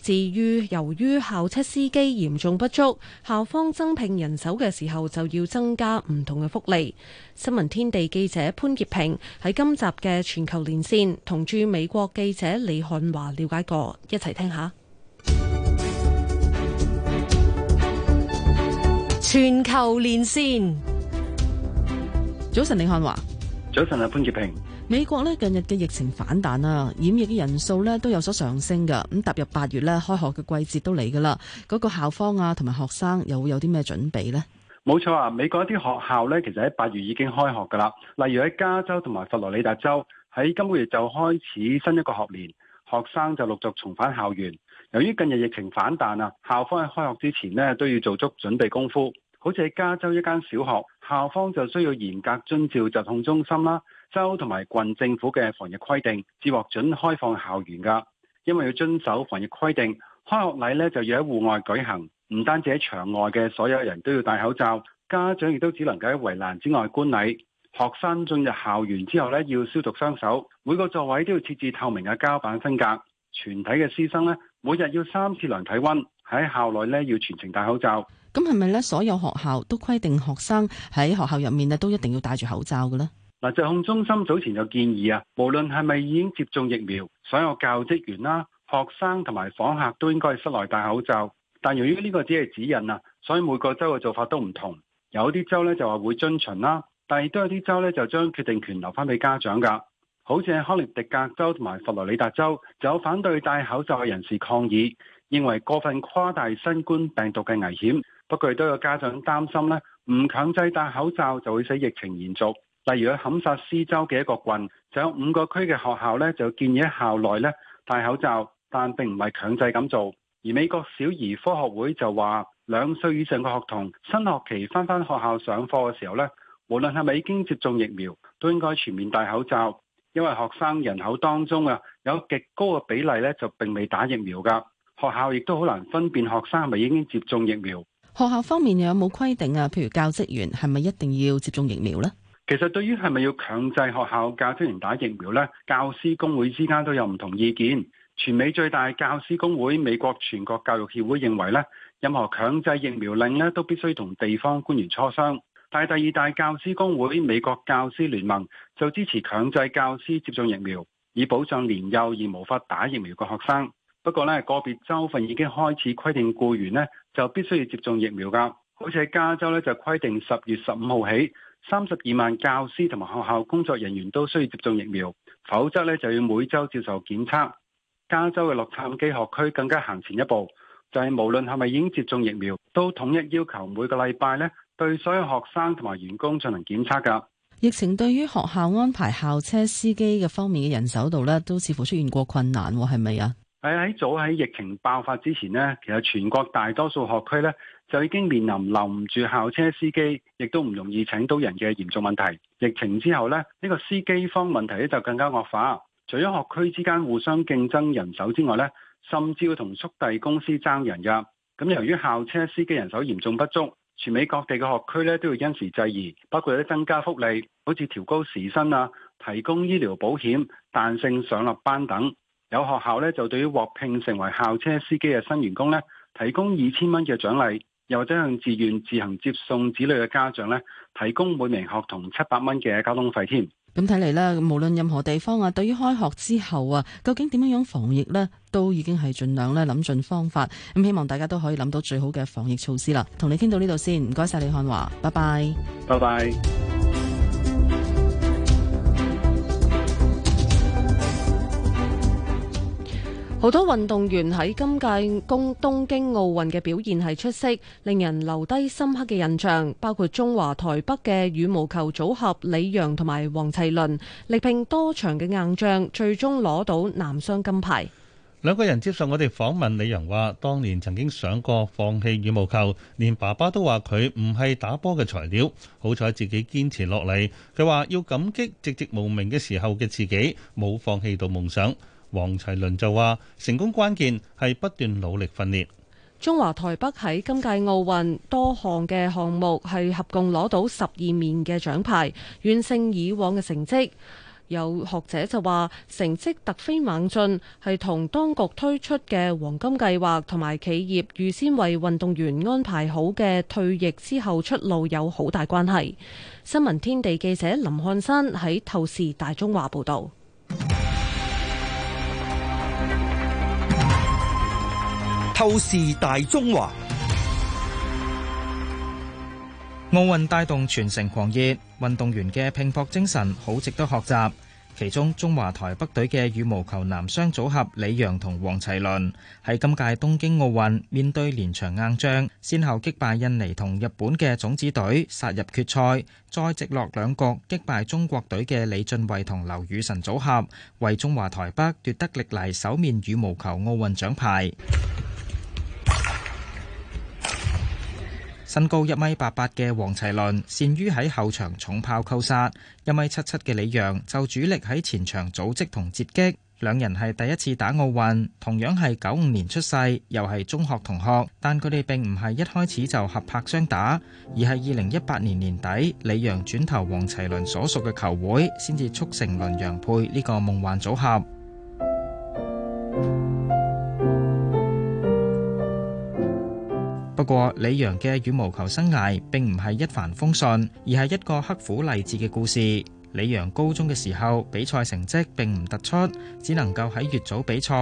至於由於校車司機嚴重不足，校方增聘人手嘅時候就要增加唔同嘅福利。新聞天地記者潘潔平喺今集嘅全球連線同駐美國記者李漢華了解過，一齊聽下。全球連線，早晨李漢華，漢華早晨啊，潘潔平。美國咧，近日嘅疫情反彈啦，染疫嘅人數咧都有所上升噶。咁踏入八月咧，開學嘅季節都嚟噶啦，嗰、嗰個校方啊同埋學生又會有啲咩準備呢？冇錯啊，美國一啲學校呢，其實喺八月已經開學噶啦。例如喺加州同埋佛羅里達州，喺今個月就開始新一個學年，學生就陸續重返校園。由於近日疫情反彈啊，校方喺開學之前咧都要做足準備功夫。好似加州一間小學，校方就需要嚴格遵照疾控中心啦、州同埋郡政府嘅防疫規定，至獲准開放校園噶。因為要遵守防疫規定，開學禮咧就要喺戶外舉行。唔單止喺場外嘅所有人都要戴口罩，家長亦都只能夠喺圍欄之外觀禮。學生進入校園之後咧要消毒雙手，每個座位都要設置透明嘅膠板分隔。全體嘅師生呢，每日要三次量體溫，喺校內呢要全程戴口罩。咁係咪咧？所有學校都規定學生喺學校入面呢都一定要戴住口罩嘅呢？嗱，疾控中心早前就建議啊，無論係咪已經接種疫苗，所有教職員啦、學生同埋訪客都應該喺室內戴口罩。但由於呢個只係指引啊，所以每個州嘅做法都唔同。有啲州咧就話會遵循啦，但係都有啲州咧就將決定權留翻俾家長噶。好似喺康涅狄格州同埋佛羅里達州，就有反對戴口罩嘅人士抗議，認為過分誇大新冠病毒嘅危險，不過亦都有家長擔心咧，唔強制戴口罩就會使疫情延續，例如喺堪薩斯州嘅一個郡，就有五個區嘅學校咧，就建議喺校內咧戴口罩，但並唔係強制咁做。而美國小兒科學會就話兩歲以上嘅學童新學期翻返學校上課嘅時候咧，無論係咪已經接種疫苗，都應該全面戴口罩。因為學生人口當中啊，有極高嘅比例咧，就並未打疫苗噶。學校亦都好難分辨學生係咪已經接種疫苗。學校方面又有冇規定啊？譬如教職員係咪一定要接種疫苗呢？其實對於係咪要強制學校教職員打疫苗呢，教師工會之間都有唔同意見。全美最大教師工會美國全國教育協會認為呢，任何強制疫苗令呢，都必須同地方官員磋商。大第二大教師工會美國教師聯盟就支持強制教師接種疫苗，以保障年幼而無法打疫苗嘅學生。不過呢，個別州份已經開始規定僱員呢就必須要接種疫苗噶好似喺加州咧，就規定十月十五號起，三十二萬教師同埋學校工作人員都需要接種疫苗，否則咧就要每周接受檢測。加州嘅洛杉磯學區更加行前一步，就係、是、無論係咪已經接種疫苗，都統一要求每個禮拜呢。對所有學生同埋員工進行檢測噶。疫情對於學校安排校車司機嘅方面嘅人手度咧，都似乎出現過困難，係咪啊？係喺早喺疫情爆發之前呢，其實全國大多數學區咧就已經面臨留唔住校車司機，亦都唔容易請到人嘅嚴重問題。疫情之後呢，呢、呢個司機方問題咧就更加惡化。除咗學區之間互相競爭人手之外咧，甚至會同速遞公司爭人㗎。咁由於校車司機人手嚴重不足。全美各地嘅學區咧都要因時制宜，包括有增加福利，好似調高時薪啊，提供醫療保險、彈性上落班等。有學校咧就對於獲聘成為校車司機嘅新員工咧，提供二千蚊嘅獎勵，又或者向自願自行接送子女嘅家長咧，提供每名學童七百蚊嘅交通費添。咁睇嚟咧，無論任何地方啊，對於開學之後啊，究竟點樣樣防疫呢？都已經係盡量咧諗盡方法。咁希望大家都可以諗到最好嘅防疫措施啦。同你傾到呢度先，唔該晒李漢華，拜拜，拜拜。好多運動員喺今屆公東京奧運嘅表現係出色，令人留低深刻嘅印象。包括中華台北嘅羽毛球組合李洋同埋王齊麟。力拼多場嘅硬仗，最終攞到男雙金牌。兩個人接受我哋訪問，李洋話：當年曾經想過放棄羽毛球，連爸爸都話佢唔係打波嘅材料。好彩自己堅持落嚟。佢話要感激寂寂無名嘅時候嘅自己，冇放棄到夢想。王齊麟就話：成功關鍵係不斷努力訓練。中華台北喺今屆奧運多項嘅項目係合共攞到十二面嘅獎牌，完勝以往嘅成績。有學者就話，成績突飛猛進係同當局推出嘅黃金計劃同埋企業預先為運動員安排好嘅退役之後出路有好大關係。新聞天地記者林漢山喺透視大中華報道。透視大中華，奧運帶動全城狂熱，運動員嘅拼搏精神好值得學習。其中，中華台北隊嘅羽毛球男雙組合李洋同王齊麟喺今屆東京奧運面對連場硬仗，先後擊敗印尼同日本嘅種子隊，殺入決賽。再直落兩國擊敗中國隊嘅李俊慧同劉雨辰組合，為中華台北奪得歷嚟首面羽毛球奧運獎牌。身高一米八八嘅王齊麟善於喺後場重炮扣殺，一米七七嘅李洋就主力喺前場組織同截擊。兩人係第一次打奧運，同樣係九五年出世，又係中學同學，但佢哋並唔係一開始就合拍雙打，而係二零一八年年底李洋轉投王齊麟所屬嘅球會，先至促成麟洋配呢個夢幻組合。不過李陽嘅羽毛球生涯並唔係一帆風順，而係一個刻苦勵志嘅故事。李陽高中嘅時候比賽成績並唔突出，只能夠喺乙組比賽。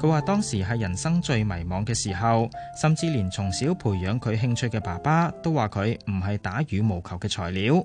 佢話當時係人生最迷茫嘅時候，甚至連從小培養佢興趣嘅爸爸都話佢唔係打羽毛球嘅材料。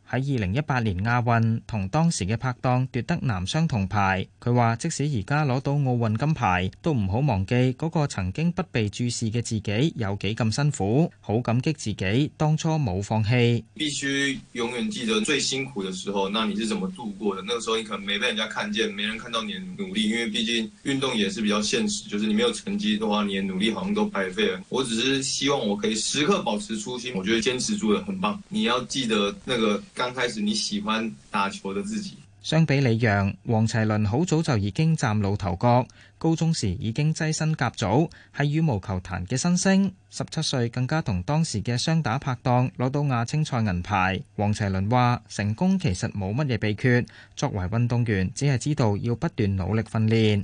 喺二零一八年亞運同當時嘅拍檔奪得男雙銅牌。佢話：即使而家攞到奧運金牌，都唔好忘記嗰個曾經不被注視嘅自己有幾咁辛苦，好感激自己當初冇放棄。必須永遠記得最辛苦嘅時候，那你是怎麼度過的？那個時候你可能沒被人家看見，沒人看到你的努力，因為畢竟運動也是比較現實，就是你沒有成績嘅話，你的努力好像都白費了。我只是希望我可以時刻保持初心，我覺得堅持住了很棒。你要記得那個。剛開始你喜歡打球的自己。相比李陽，黃齊麟好早就已經嶄露頭角，高中時已經躋身甲組，係羽毛球壇嘅新星。十七歲更加同當時嘅雙打拍檔攞到亞青賽銀牌。黃齊麟話：成功其實冇乜嘢秘訣，作為運動員只係知道要不斷努力訓練。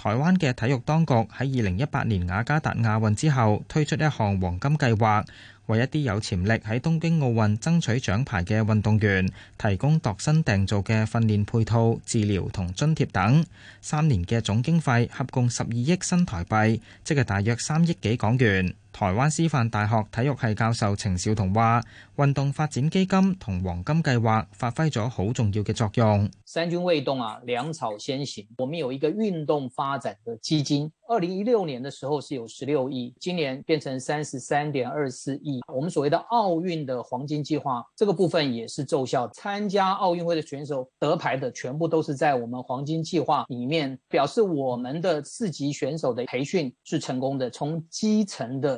台灣嘅體育當局喺二零一八年雅加達亞運之後，推出一項黃金計劃，為一啲有潛力喺東京奧運爭取獎牌嘅運動員提供度身訂造嘅訓練配套、治療同津貼等。三年嘅總經費合共十二億新台幣，即係大約三億幾港元。台灣師範大學體育系教授程少彤話，運動發展基金同黃金計劃發揮咗好重要嘅作用。三軍未動啊，糧草先行。我們有一個運動發展的基金，二零一六年嘅時候是有十六億，今年變成三十三點二四億。我們所謂的奧運的黃金計劃，這個部分也是奏效。參加奧運會的選手得牌的全部都是在我們黃金計劃裏面，表示我們的四級選手的培訓是成功的，從基層的。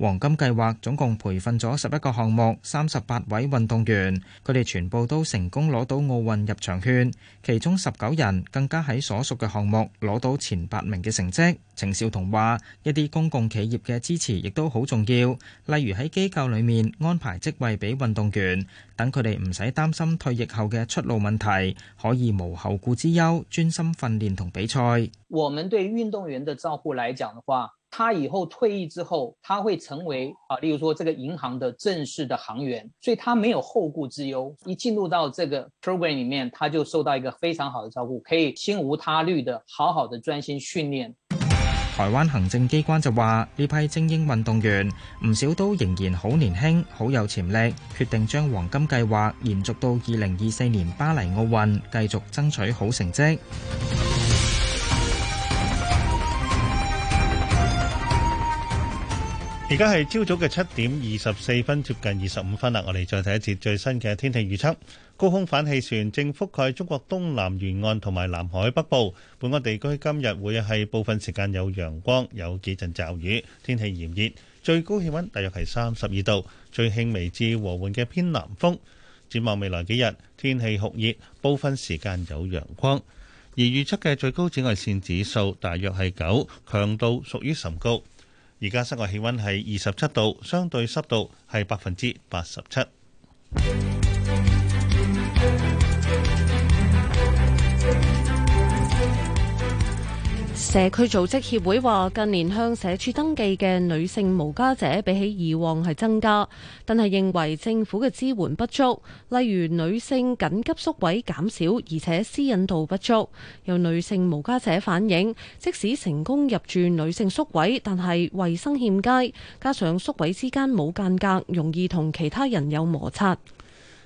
黃金計劃總共培訓咗十一個項目，三十八位運動員，佢哋全部都成功攞到奧運入場券，其中十九人更加喺所屬嘅項目攞到前八名嘅成績。程少彤話：一啲公共企業嘅支持亦都好重要，例如喺機構裏面安排職位畀運動員，等佢哋唔使擔心退役後嘅出路問題，可以無後顧之憂，專心訓練同比賽。我們對運動員的照顧來講的話。他以後退役之後，他會成為啊，例如說這個銀行的正式的行員，所以他沒有後顧之憂。一進入到這個 program 裏面，他就受到一個非常好的照顧，可以心無他慮的好好的專心訓練。台灣行政機關就話，呢批精英運動員唔少都仍然好年輕、好有潛力，決定將黃金計劃延續到二零二四年巴黎奧運，繼續爭取好成績。而家係朝早嘅七點二十四分，接近二十五分啦。我哋再睇一次最新嘅天氣預測。高空反氣旋正覆蓋中國東南沿岸同埋南海北部。本港地區今日會係部分時間有陽光，有幾陣驟雨，天氣炎熱，最高氣溫大約係三十二度，最輕微至和緩嘅偏南風。展望未來幾日，天氣酷熱，部分時間有陽光。而預測嘅最高紫外線指數大約係九，強度屬於甚高。而家室外氣温係二十七度，相對濕度係百分之八十七。社區組織協會話，近年向社署登記嘅女性無家者比起以往係增加，但係認為政府嘅支援不足，例如女性緊急宿位減少，而且私隱度不足。有女性無家者反映，即使成功入住女性宿位，但係衞生欠佳，加上宿位之間冇間隔，容易同其他人有摩擦。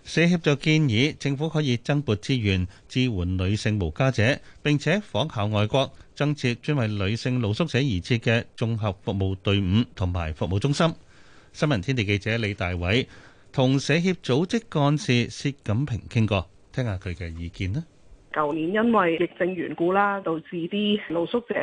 社協就建議政府可以增撥資源支援女性無家者，並且仿效外國增設專為女性露宿者而設嘅綜合服務隊伍同埋服務中心。新聞天地記者李大偉同社協組織幹事薛錦平傾過，聽下佢嘅意見啦。舊年因為疫症緣故啦，導致啲露宿者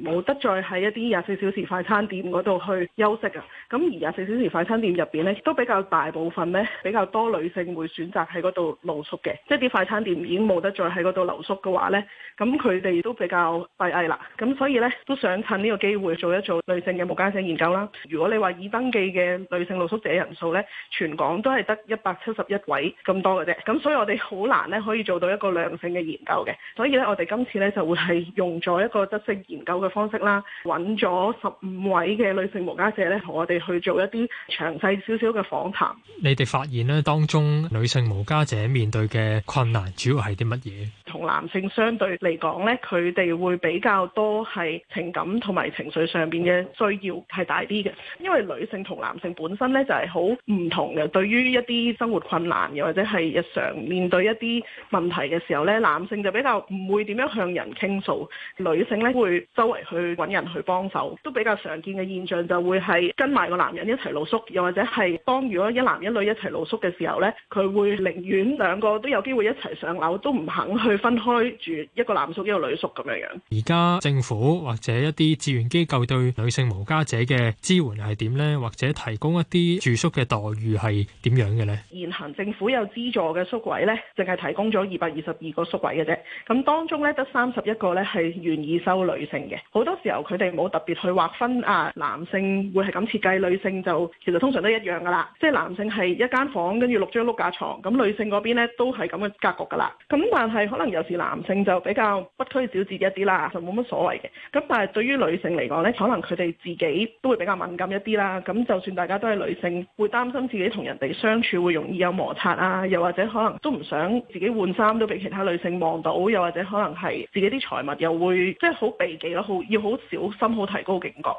冇得再喺一啲廿四小時快餐店嗰度去休息啊！咁而廿四小時快餐店入邊呢，都比較大部分呢，比較多女性會選擇喺嗰度露宿嘅。即係啲快餐店已經冇得再喺嗰度留宿嘅話呢，咁佢哋都比較閉翳啦。咁所以呢，都想趁呢個機會做一做女性嘅無家者研究啦。如果你話已登記嘅女性露宿者人數呢，全港都係得一百七十一位咁多嘅啫。咁所以我哋好難呢，可以做到一個量性嘅研究。夠嘅，所以咧，我哋今次咧就會係用咗一個質性研究嘅方式啦，揾咗十五位嘅女性無家者咧，同我哋去做一啲詳細少少嘅訪談。你哋發現咧，當中女性無家者面對嘅困難，主要係啲乜嘢？同男性相對嚟講咧，佢哋會比較多係情感同埋情緒上面嘅需要係大啲嘅，因為女性同男性本身咧就係好唔同嘅。對於一啲生活困難又或者係日常面對一啲問題嘅時候咧，男性就比較唔會點樣向人傾訴，女性咧會周圍去揾人去幫手，都比較常見嘅現象就會係跟埋個男人一齊露宿，又或者係當如果一男一女一齊露宿嘅時候咧，佢會寧願兩個都有機會一齊上樓，都唔肯去分開住一個男宿一個女宿咁樣樣。而家政府或者一啲志願機構對女性無家者嘅支援係點咧？或者提供一啲住宿嘅待遇係點樣嘅咧？現行政府有資助嘅宿位咧，淨係提供咗二百二十二個宿位。嘅啫，咁當中咧得三十一個咧係願意收女性嘅，好多時候佢哋冇特別去劃分啊，男性會係咁設計，女性就其實通常都一樣噶啦，即係男性係一間房跟住六張碌架床，咁女性嗰邊咧都係咁嘅格局噶啦。咁但係可能有時男性就比較不拘小節一啲啦，就冇乜所謂嘅。咁但係對於女性嚟講咧，可能佢哋自己都會比較敏感一啲啦。咁就算大家都係女性，會擔心自己同人哋相處會容易有摩擦啊，又或者可能都唔想自己換衫都俾其他女性望到，又或者可能係自己啲財物，又會即係好避忌咯，好要好小心，好提高警覺。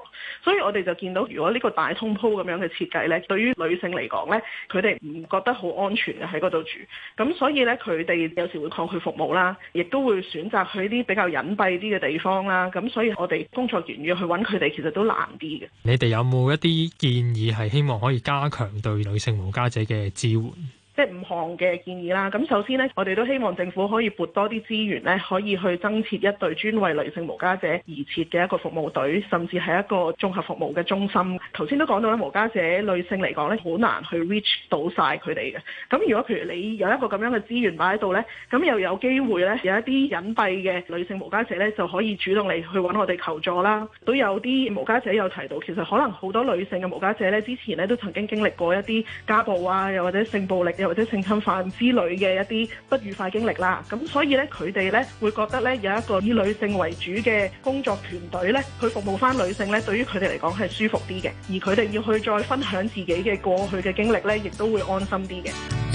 所以我哋就見到，如果呢個大通鋪咁樣嘅設計咧，對於女性嚟講咧，佢哋唔覺得好安全嘅喺嗰度住。咁所以咧，佢哋有時會抗拒服務啦，亦都會選擇去啲比較隱蔽啲嘅地方啦。咁所以我哋工作人員要去揾佢哋，其實都難啲嘅。你哋有冇一啲建議，係希望可以加強對女性無家者嘅支援？即係五項嘅建議啦，咁首先呢，我哋都希望政府可以撥多啲資源呢，可以去增設一隊專為女性無家者而設嘅一個服務隊，甚至係一個綜合服務嘅中心。頭先都講到咧，無家者女性嚟講呢，好難去 reach 到晒佢哋嘅。咁如果譬如你有一個咁樣嘅資源擺喺度呢，咁又有機會呢，有一啲隱蔽嘅女性無家者呢，就可以主動嚟去揾我哋求助啦。都有啲無家者有提到，其實可能好多女性嘅無家者呢，之前呢都曾經經歷過一啲家暴啊，又或者性暴力或者性侵犯之類嘅一啲不愉快經歷啦，咁所以咧佢哋咧會覺得咧有一個以女性為主嘅工作團隊咧，去服務翻女性咧，對於佢哋嚟講係舒服啲嘅，而佢哋要去再分享自己嘅過去嘅經歷咧，亦都會安心啲嘅。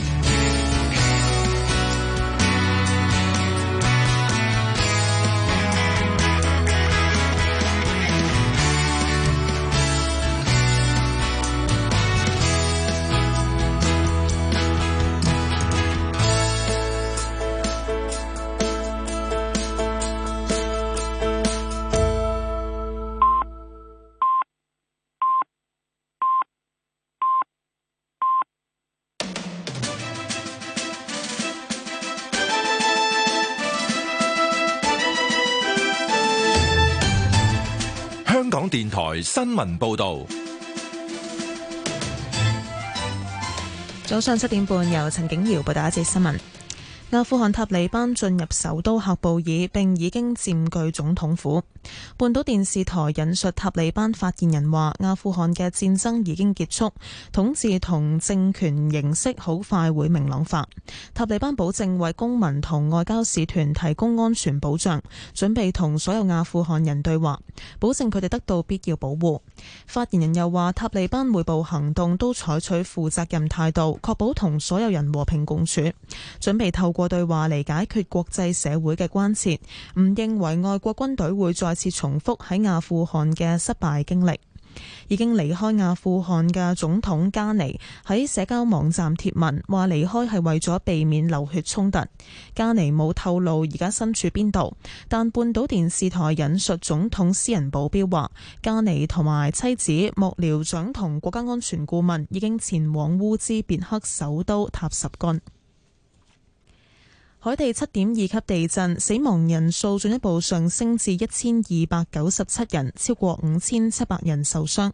新聞報導。早上七點半，由陳景瑤報道一節新聞。阿富汗塔利班進入首都喀布爾，並已經佔據總統府。半島電視台引述塔利班發言人話：阿富汗嘅戰爭已經結束，統治同政權形式好快會明朗化。塔利班保證為公民同外交使團提供安全保障，準備同所有阿富汗人對話，保證佢哋得到必要保護。發言人又話：塔利班每步行動都採取負責任態度，確保同所有人和平共處，準備透過過對話嚟解決國際社會嘅關切，唔認為外國軍隊會再次重複喺阿富汗嘅失敗經歷。已經離開阿富汗嘅總統加尼喺社交網站貼文話：離開係為咗避免流血衝突。加尼冇透露而家身處邊度，但半島電視台引述總統私人保鏢話：加尼同埋妻子、幕僚長同國家安全顧問已經前往烏茲別克首都塔什干。海地七點二級地震，死亡人數進一步上升至一千二百九十七人，超過五千七百人受傷。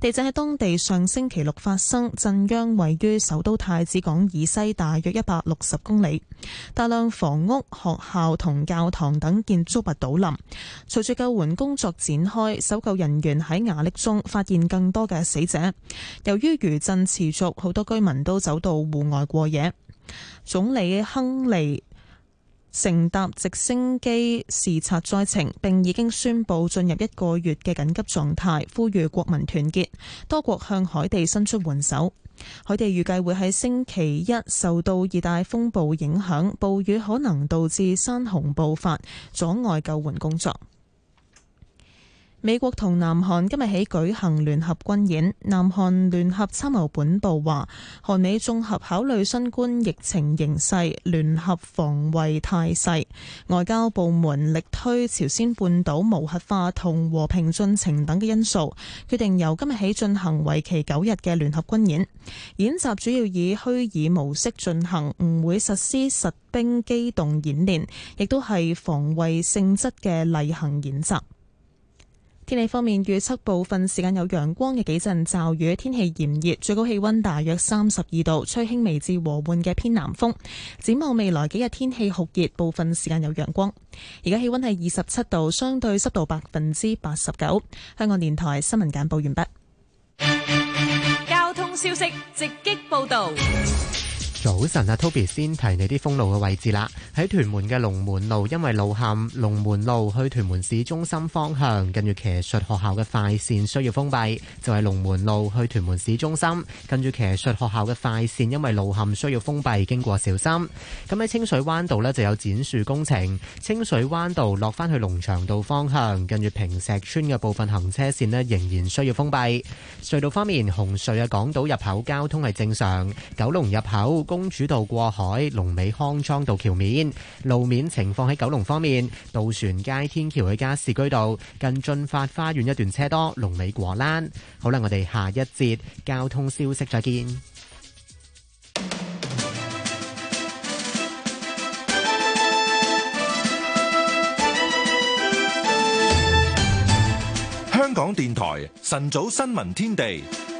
地震喺當地上星期六發生，震央位於首都太子港以西大約一百六十公里，大量房屋、學校同教堂等建築物倒冧。隨住救援工作展開，搜救人員喺瓦礫中發現更多嘅死者。由於餘震持續，好多居民都走到戶外過夜。總理亨利乘搭直升機視察災情，並已經宣布進入一個月嘅緊急狀態，呼籲國民團結。多國向海地伸出援手，海地預計會喺星期一受到熱帶風暴影響，暴雨可能導致山洪暴發，阻礙救援工作。美國同南韓今日起舉行聯合軍演，南韓聯合參謀本部話，韓美綜合考慮新冠疫情形勢、聯合防衛態勢、外交部門力推朝鮮半島無核化同和平進程等嘅因素，決定由今日起進行為期九日嘅聯合軍演。演習主要以虛擬模式進行，唔會實施實兵機動演練，亦都係防衛性質嘅例行演習。天氣方面，預測部分時間有陽光嘅幾陣驟雨，天氣炎熱，最高氣溫大約三十二度，吹輕微至和緩嘅偏南風。展望未來幾日天氣酷熱，部分時間有陽光。而家氣溫係二十七度，相對濕度百分之八十九。香港電台新聞簡報完畢。交通消息直擊報道。早晨啊，Toby 先提你啲封路嘅位置啦。喺屯門嘅龍門路，因為路陷，龍門路去屯門市中心方向，跟住騎術學校嘅快線需要封閉，就係龍門路去屯門市中心，跟住騎術學校嘅快線，因為路陷需要封閉，經過小心。咁喺清水灣道咧就有剪樹工程，清水灣道落翻去龍翔道方向，跟住坪石邨嘅部分行車線咧仍然需要封閉。隧道方面，紅隧啊港島入口交通係正常，九龍入口。公主道過海、龍尾康莊道橋面路面情況。喺九龍方面，渡船街天橋去加士居道近駿發花園一段車多，龍尾果欄。好啦，我哋下一節交通消息再見。香港電台晨早新聞天地。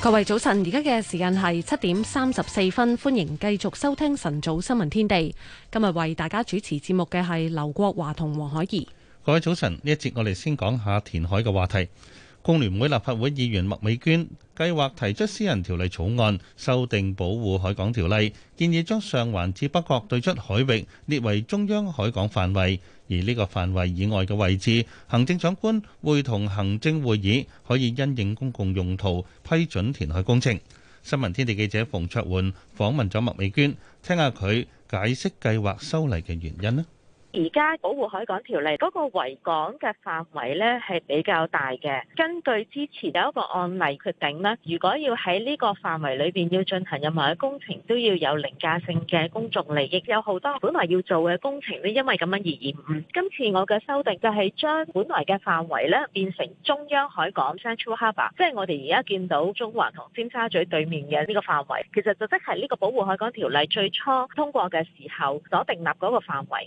各位早晨，而家嘅時間係七點三十四分，歡迎繼續收聽晨早新聞天地。今日為大家主持節目嘅係劉國華同黃海怡。各位早晨，呢一節我哋先講下填海嘅話題。工聯會立法會議員麥美娟計劃提出私人條例草案，修訂保護海港條例，建議將上環至北角對出海域列為中央海港範圍。而呢個範圍以外嘅位置，行政長官會同行政會議可以因應公共用途批准填海工程。新聞天地記者馮卓煥訪問咗麥美娟，聽下佢解釋計劃修例嘅原因啦。而家保護海港條例嗰、那個維港嘅範圍咧係比較大嘅。根據之前有一個案例決定咧，如果要喺呢個範圍裏邊要進行任何嘅工程，都要有凌駕性嘅公眾利益。有好多本來要做嘅工程咧，因為咁樣而延誤。嗯、今次我嘅修訂就係將本來嘅範圍咧變成中央海港 Central Harbour，即係我哋而家見到中環同尖沙咀對面嘅呢個範圍。其實就即係呢個保護海港條例最初通過嘅時候所訂立嗰個範圍。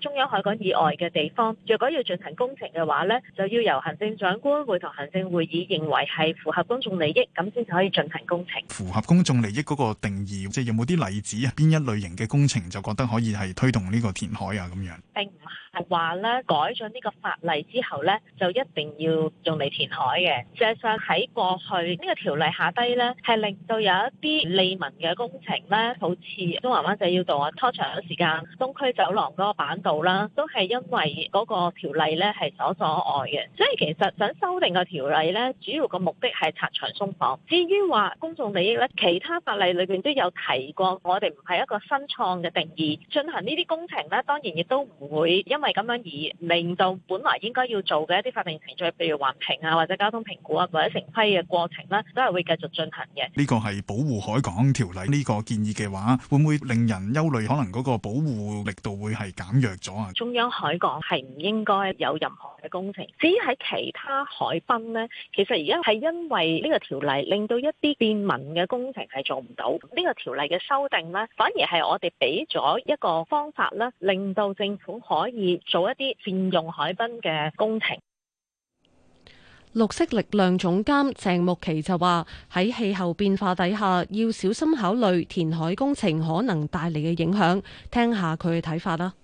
中央海港以外嘅地方，若果要進行工程嘅話咧，就要由行政長官會同行政會議認為係符合公眾利益，咁先至可以進行工程。符合公眾利益嗰個定義，即係有冇啲例子啊？邊一類型嘅工程就覺得可以係推動呢個填海啊？咁樣並唔係話咧改咗呢個法例之後咧，就一定要用嚟填海嘅。事實上喺過去呢個條例下低咧，係令到有一啲利民嘅工程咧，好似中環灣仔繞道啊拖長嘅時間，東區走廊嗰反道啦，都係因為嗰個條例咧係所阻礙嘅，所以其實想修訂個條例咧，主要個目的係拆牆鬆綁。至於話公眾利益咧，其他法例裏邊都有提過，我哋唔係一個新創嘅定義。進行呢啲工程咧，當然亦都唔會因為咁樣而令到本來應該要做嘅一啲法定程序，譬如環評啊，或者交通評估啊，或者城規嘅過程咧，都係會繼續進行嘅。呢個係保護海港條例呢個建議嘅話，會唔會令人憂慮？可能嗰個保護力度會係減？減弱咗啊。中央海港係唔應該有任何嘅工程。至於喺其他海濱咧，其實而家係因為呢個條例令到一啲便民嘅工程係做唔到。呢個條例嘅修訂咧，反而係我哋俾咗一個方法咧，令到政府可以做一啲佔用海濱嘅工程。綠色力量總監鄭木奇就話：喺氣候變化底下，要小心考慮填海工程可能帶嚟嘅影響。聽下佢嘅睇法啦。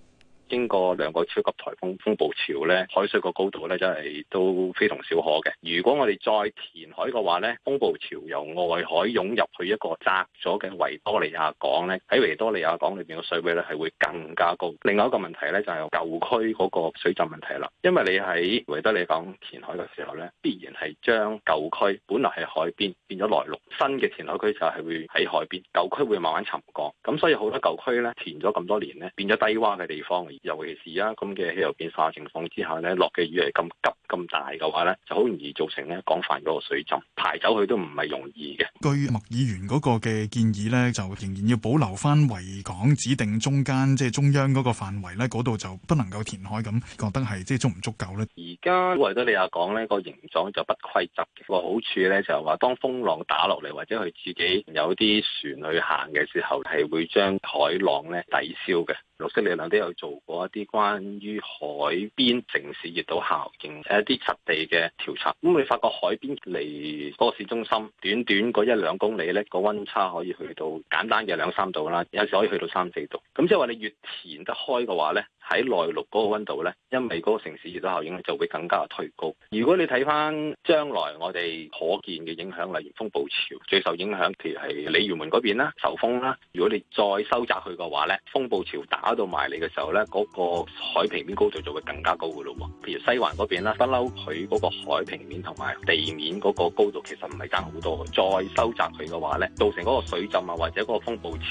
經過兩個超級台風風暴潮咧，海水個高度咧真係都非同小可嘅。如果我哋再填海嘅話咧，風暴潮由外海湧入去一個窄咗嘅維多利亞港咧，喺維多利亞港裏邊嘅水位咧係會更加高。另外一個問題咧就係、是、舊區嗰個水浸問題啦，因為你喺維多利亞港填海嘅時候咧，必然係將舊區本來係海邊變咗內陸，新嘅填海區就係會喺海邊，舊區會慢慢沉降。咁所以好多舊區咧填咗咁多年咧，變咗低窪嘅地方。尤其是而家咁嘅氣候變化情況之下咧，落嘅雨係咁急咁大嘅話咧，就好容易造成咧廣泛嗰個水浸，排走佢都唔係容易嘅。據麥議員嗰個嘅建議咧，就仍然要保留返維港指定中間即係、就是、中央嗰個範圍咧，嗰度就不能夠填海。咁覺得係即係足唔足夠咧？而家維多利亞港咧個形狀就不規則嘅個好處咧，就係話當風浪打落嚟或者佢自己有啲船去行嘅時候，係會將海浪咧抵消嘅。綠色力量都有做過一啲關於海邊城市熱島效應一啲實地嘅調查，咁你發覺海邊離嗰個市中心短短嗰一兩公里呢，個温差可以去到簡單嘅兩三度啦，有時可以去到三四度。咁即係話你越填得開嘅話呢，喺內陸嗰個温度呢，因為嗰個城市熱島效應呢，就會更加推高。如果你睇翻將來我哋可見嘅影響，例如風暴潮，最受影響譬如係鯉魚門嗰邊啦，受風啦。如果你再收窄去嘅話呢，風暴潮打。跑到埋嚟嘅時候咧，嗰個海平面高度就會更加高嘅咯喎。譬如西環嗰邊啦，不嬲佢嗰個海平面同埋地面嗰個高度其實唔係爭好多嘅，再收窄佢嘅話咧，造成嗰個水浸啊或者嗰個風暴潮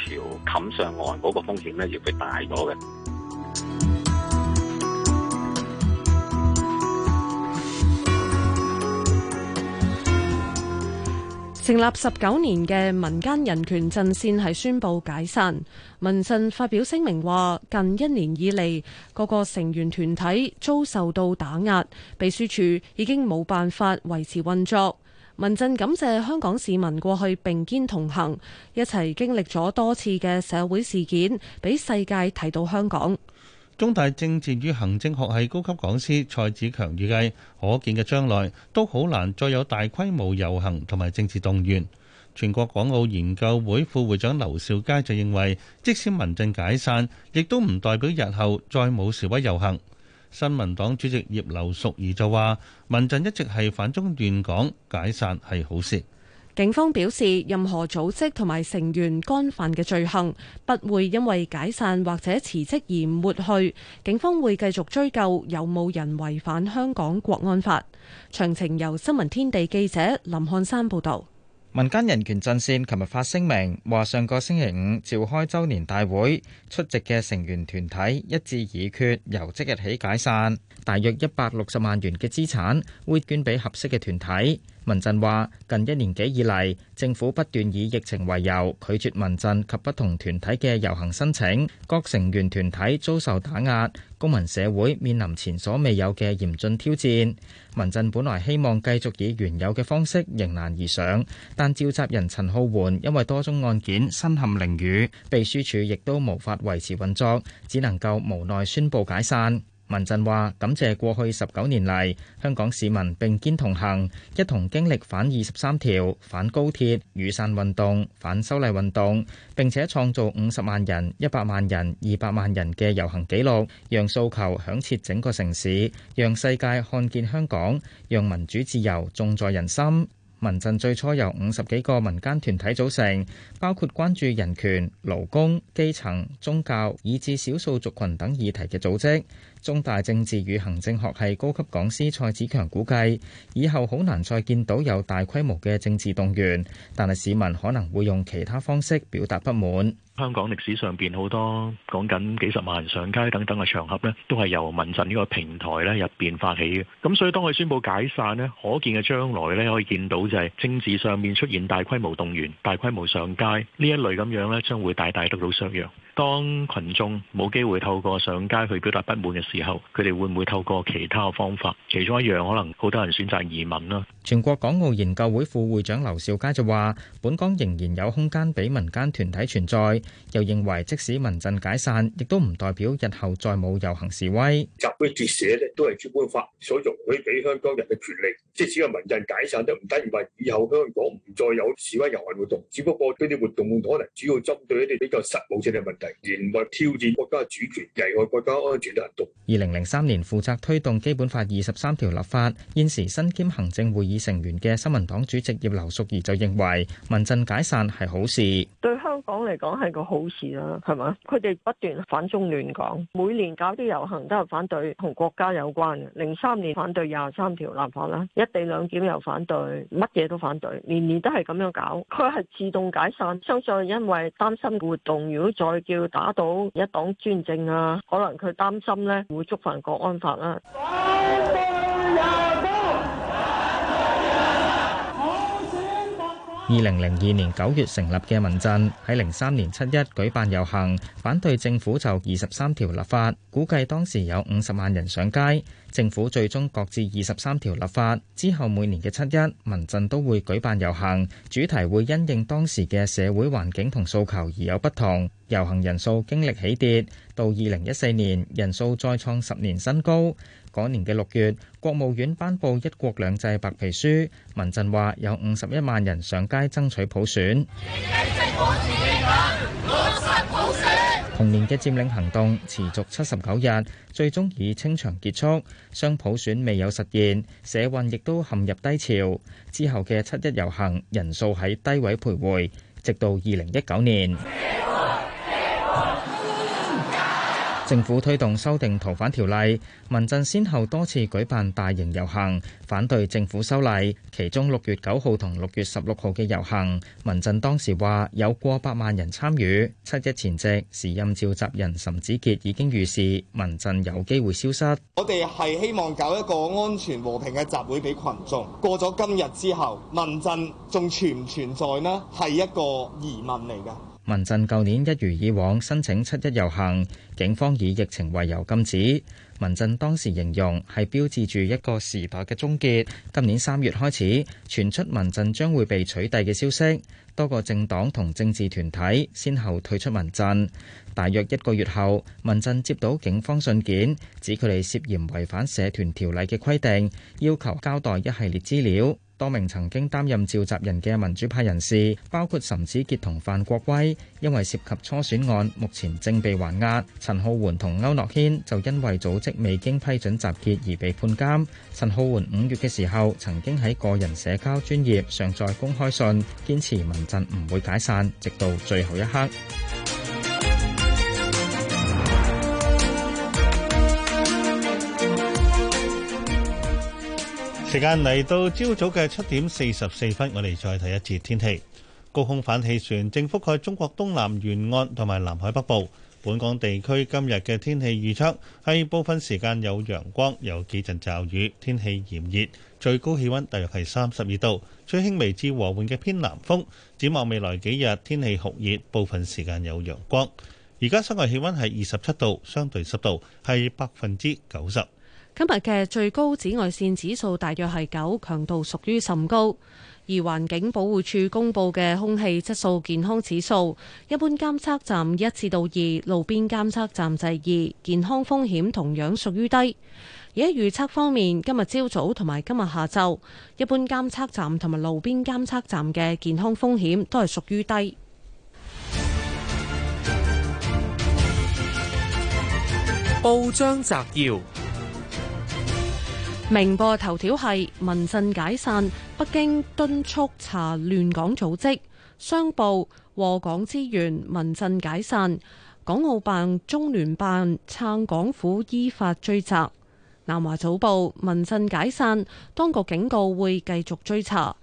冚上岸嗰個風險咧，亦會大咗嘅。成立十九年嘅民間人權陣線係宣布解散。民陣發表聲明話：近一年以嚟，各個成員團體遭受到打壓，秘書處已經冇辦法維持運作。民陣感謝香港市民過去並肩同行，一齊經歷咗多次嘅社會事件，俾世界提到香港。中大政治與行政學系高級講師蔡子強預計，可見嘅將來都好難再有大規模遊行同埋政治動員。全國港澳研究會副會長劉兆佳就認為，即使民陣解散，亦都唔代表日後再冇示威遊行。新民黨主席葉劉淑儀就話，民陣一直係反中亂港，解散係好事。警方表示，任何組織同埋成員干犯嘅罪行，不會因為解散或者辭職而抹去。警方會繼續追究有冇人違反香港國安法。詳情由新聞天地記者林漢山報導。民間人權陣線琴日發聲明話，上個星期五召開周年大會，出席嘅成員團體一致議決，由即日起解散。大約一百六十萬元嘅資產會捐俾合適嘅團體。民陣話：近一年幾以嚟，政府不斷以疫情為由拒絕民陣及不同團體嘅遊行申請，各成員團體遭受打壓，公民社會面臨前所未有嘅嚴峻挑戰。民陣本來希望繼續以原有嘅方式迎難而上，但召集人陳皓桓因為多宗案件身陷囹圄，秘書處亦都無法維持運作，只能夠無奈宣布解散。民陣話感謝過去十九年嚟，香港市民並肩同行，一同經歷反二十三條、反高鐵、雨傘運動、反修例運動，並且創造五十萬人、一百萬人、二百萬人嘅遊行紀錄，讓訴求響徹整個城市，讓世界看見香港，讓民主自由重在人心。民陣最初由五十幾個民間團體組成，包括關注人權勞工、基層宗教以至少數族群等議題嘅組織。中大政治與行政學系高級講師蔡子強估計，以後好難再見到有大規模嘅政治動員，但係市民可能會用其他方式表達不滿。香港歷史上邊好多講緊幾十萬人上街等等嘅場合呢，都係由民陣呢個平台呢入邊發起嘅。咁所以當佢宣布解散呢，可見嘅將來呢，可以見到就係政治上面出現大規模動員、大規模上街呢一類咁樣呢，將會大大得到削弱。當群眾冇機會透過上街去表達不滿嘅時候，佢哋會唔會透過其他嘅方法？其中一樣可能好多人選擇移民啦。全國港澳研究會副會長劉兆佳就話：本港仍然有空間俾民間團體存在，又認為即使民陣解散，亦都唔代表日後再冇遊行示威。集會結社咧都係基本法所容許俾香港人嘅權力。即使係民陣解散都唔單止話以後香港唔再有示威遊行活動，只不過呢啲活動可能主要針對一啲比較實務性嘅問題，連或挑戰國家主權、危害國家安全嘅活動。二零零三年負責推動基本法二十三條立法，現時身兼行政會議成員嘅新民黨主席葉劉淑儀就認為，民陣解散係好事，對香港嚟講係個好事啦，係嘛？佢哋不斷反中亂港，每年搞啲遊行都係反對同國家有關嘅，零三年反對廿三條立法啦，一地兩檢又反對，乜嘢都反對，年年都係咁樣搞。佢係自動解散，相信因為擔心活動，如果再叫打倒一黨專政啊，可能佢擔心咧會觸犯國安法啦。二零零二年九月成立嘅民陣喺零三年七一舉辦遊行，反對政府就二十三條立法，估計當時有五十萬人上街。政府最終擱置二十三條立法，之後每年嘅七一，民陣都會舉辦遊行，主題會因應當時嘅社會環境同訴求而有不同。遊行人數經歷起跌，到二零一四年人數再創十年新高。嗰年嘅六月，國務院頒布《一國兩制》白皮書。民陣話有五十一萬人上街爭取普選。同年嘅佔領行動持續七十九日，最終以清場結束。雙普選未有實現，社運亦都陷入低潮。之後嘅七一遊行，人數喺低位徘徊，直到二零一九年。政府推動修訂逃犯條例，民陣先後多次舉辦大型遊行反對政府修例，其中六月九號同六月十六號嘅遊行，民陣當時話有過百萬人參與。七一前夕，時任召集人岑子傑已經預示民陣有機會消失。我哋係希望搞一個安全和平嘅集會俾群眾。過咗今日之後，民陣仲存唔存在呢？係一個疑問嚟㗎。民陣舊年一如以往申請七一遊行，警方以疫情為由禁止。民陣當時形容係標誌住一個時代嘅終結。今年三月開始，傳出民陣將會被取締嘅消息，多個政黨同政治團體先後退出民陣。大約一個月後，民陣接到警方信件，指佢哋涉嫌違反社團條例嘅規定，要求交代一系列資料。多名曾經擔任召集人嘅民主派人士，包括岑子傑同范國威，因為涉及初選案，目前正被還押。陳浩桓同歐諾軒就因為組織未經批准集結而被判監。陳浩桓五月嘅時候曾經喺個人社交專業上載公開信，堅持民陣唔會解散，直到最後一刻。時間嚟到朝早嘅七點四十四分，我哋再睇一次天氣。高空反氣旋正覆蓋中國東南沿岸同埋南海北部。本港地區今日嘅天氣預測係部分時間有陽光，有幾陣驟雨，天氣炎熱，最高氣溫大約係三十二度，最輕微至和緩嘅偏南風。展望未來幾日天氣酷熱，部分時間有陽光。而家室外氣溫係二十七度，相對濕度係百分之九十。今日嘅最高紫外線指數大約係九，強度屬於甚高。而環境保護署公布嘅空氣質素健康指數，一般監測站一至到二，路邊監測站就係二，健康風險同樣屬於低。而喺預測方面，今日朝早同埋今日下晝，一般監測站同埋路邊監測站嘅健康風險都係屬於低。報章摘要。明報頭條係民陣解散，北京敦促查亂港組織。商報禍港資源。民陣解散，港澳辦、中聯辦撐港府依法追責。南華早報民陣解散，當局警告會繼續追查。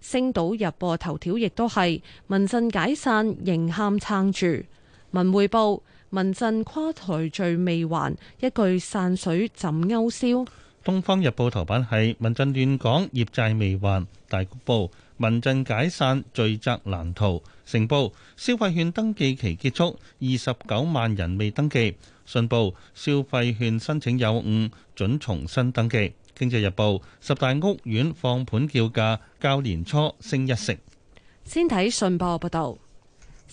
星島日報頭條亦都係民陣解散，仍喊撐住。文匯報民陣跨台罪未還，一句散水浸勾銷？《東方日報》頭版係民陣亂港，業債未還，大公報，民陣解散，罪責難逃，成報，消費券登記期結束，二十九萬人未登記，信報，消費券申請有誤，準重新登記。《經濟日報》十大屋苑放盤叫價，較年初升一成。先睇信報報道。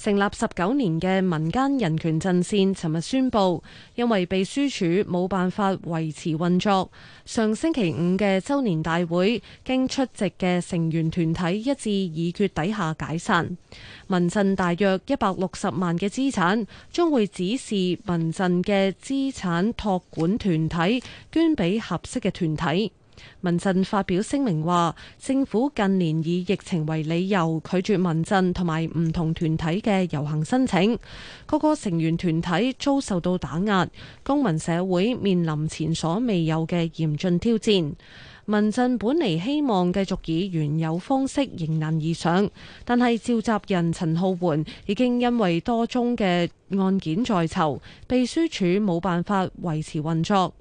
成立十九年嘅民間人權陣線，尋日宣布因為秘書處冇辦法維持運作，上星期五嘅周年大會，經出席嘅成員團體一致議決底下解散。民陣大約一百六十萬嘅資產，將會指示民陣嘅資產託管團體捐俾合適嘅團體。民陣發表聲明話，政府近年以疫情為理由拒絕民陣同埋唔同團體嘅遊行申請，各個成員團體遭受到打壓，公民社會面臨前所未有嘅嚴峻挑戰。民陣本嚟希望繼續以原有方式迎難而上，但係召集人陳浩桓已經因為多宗嘅案件在囚，秘書處冇辦法維持運作。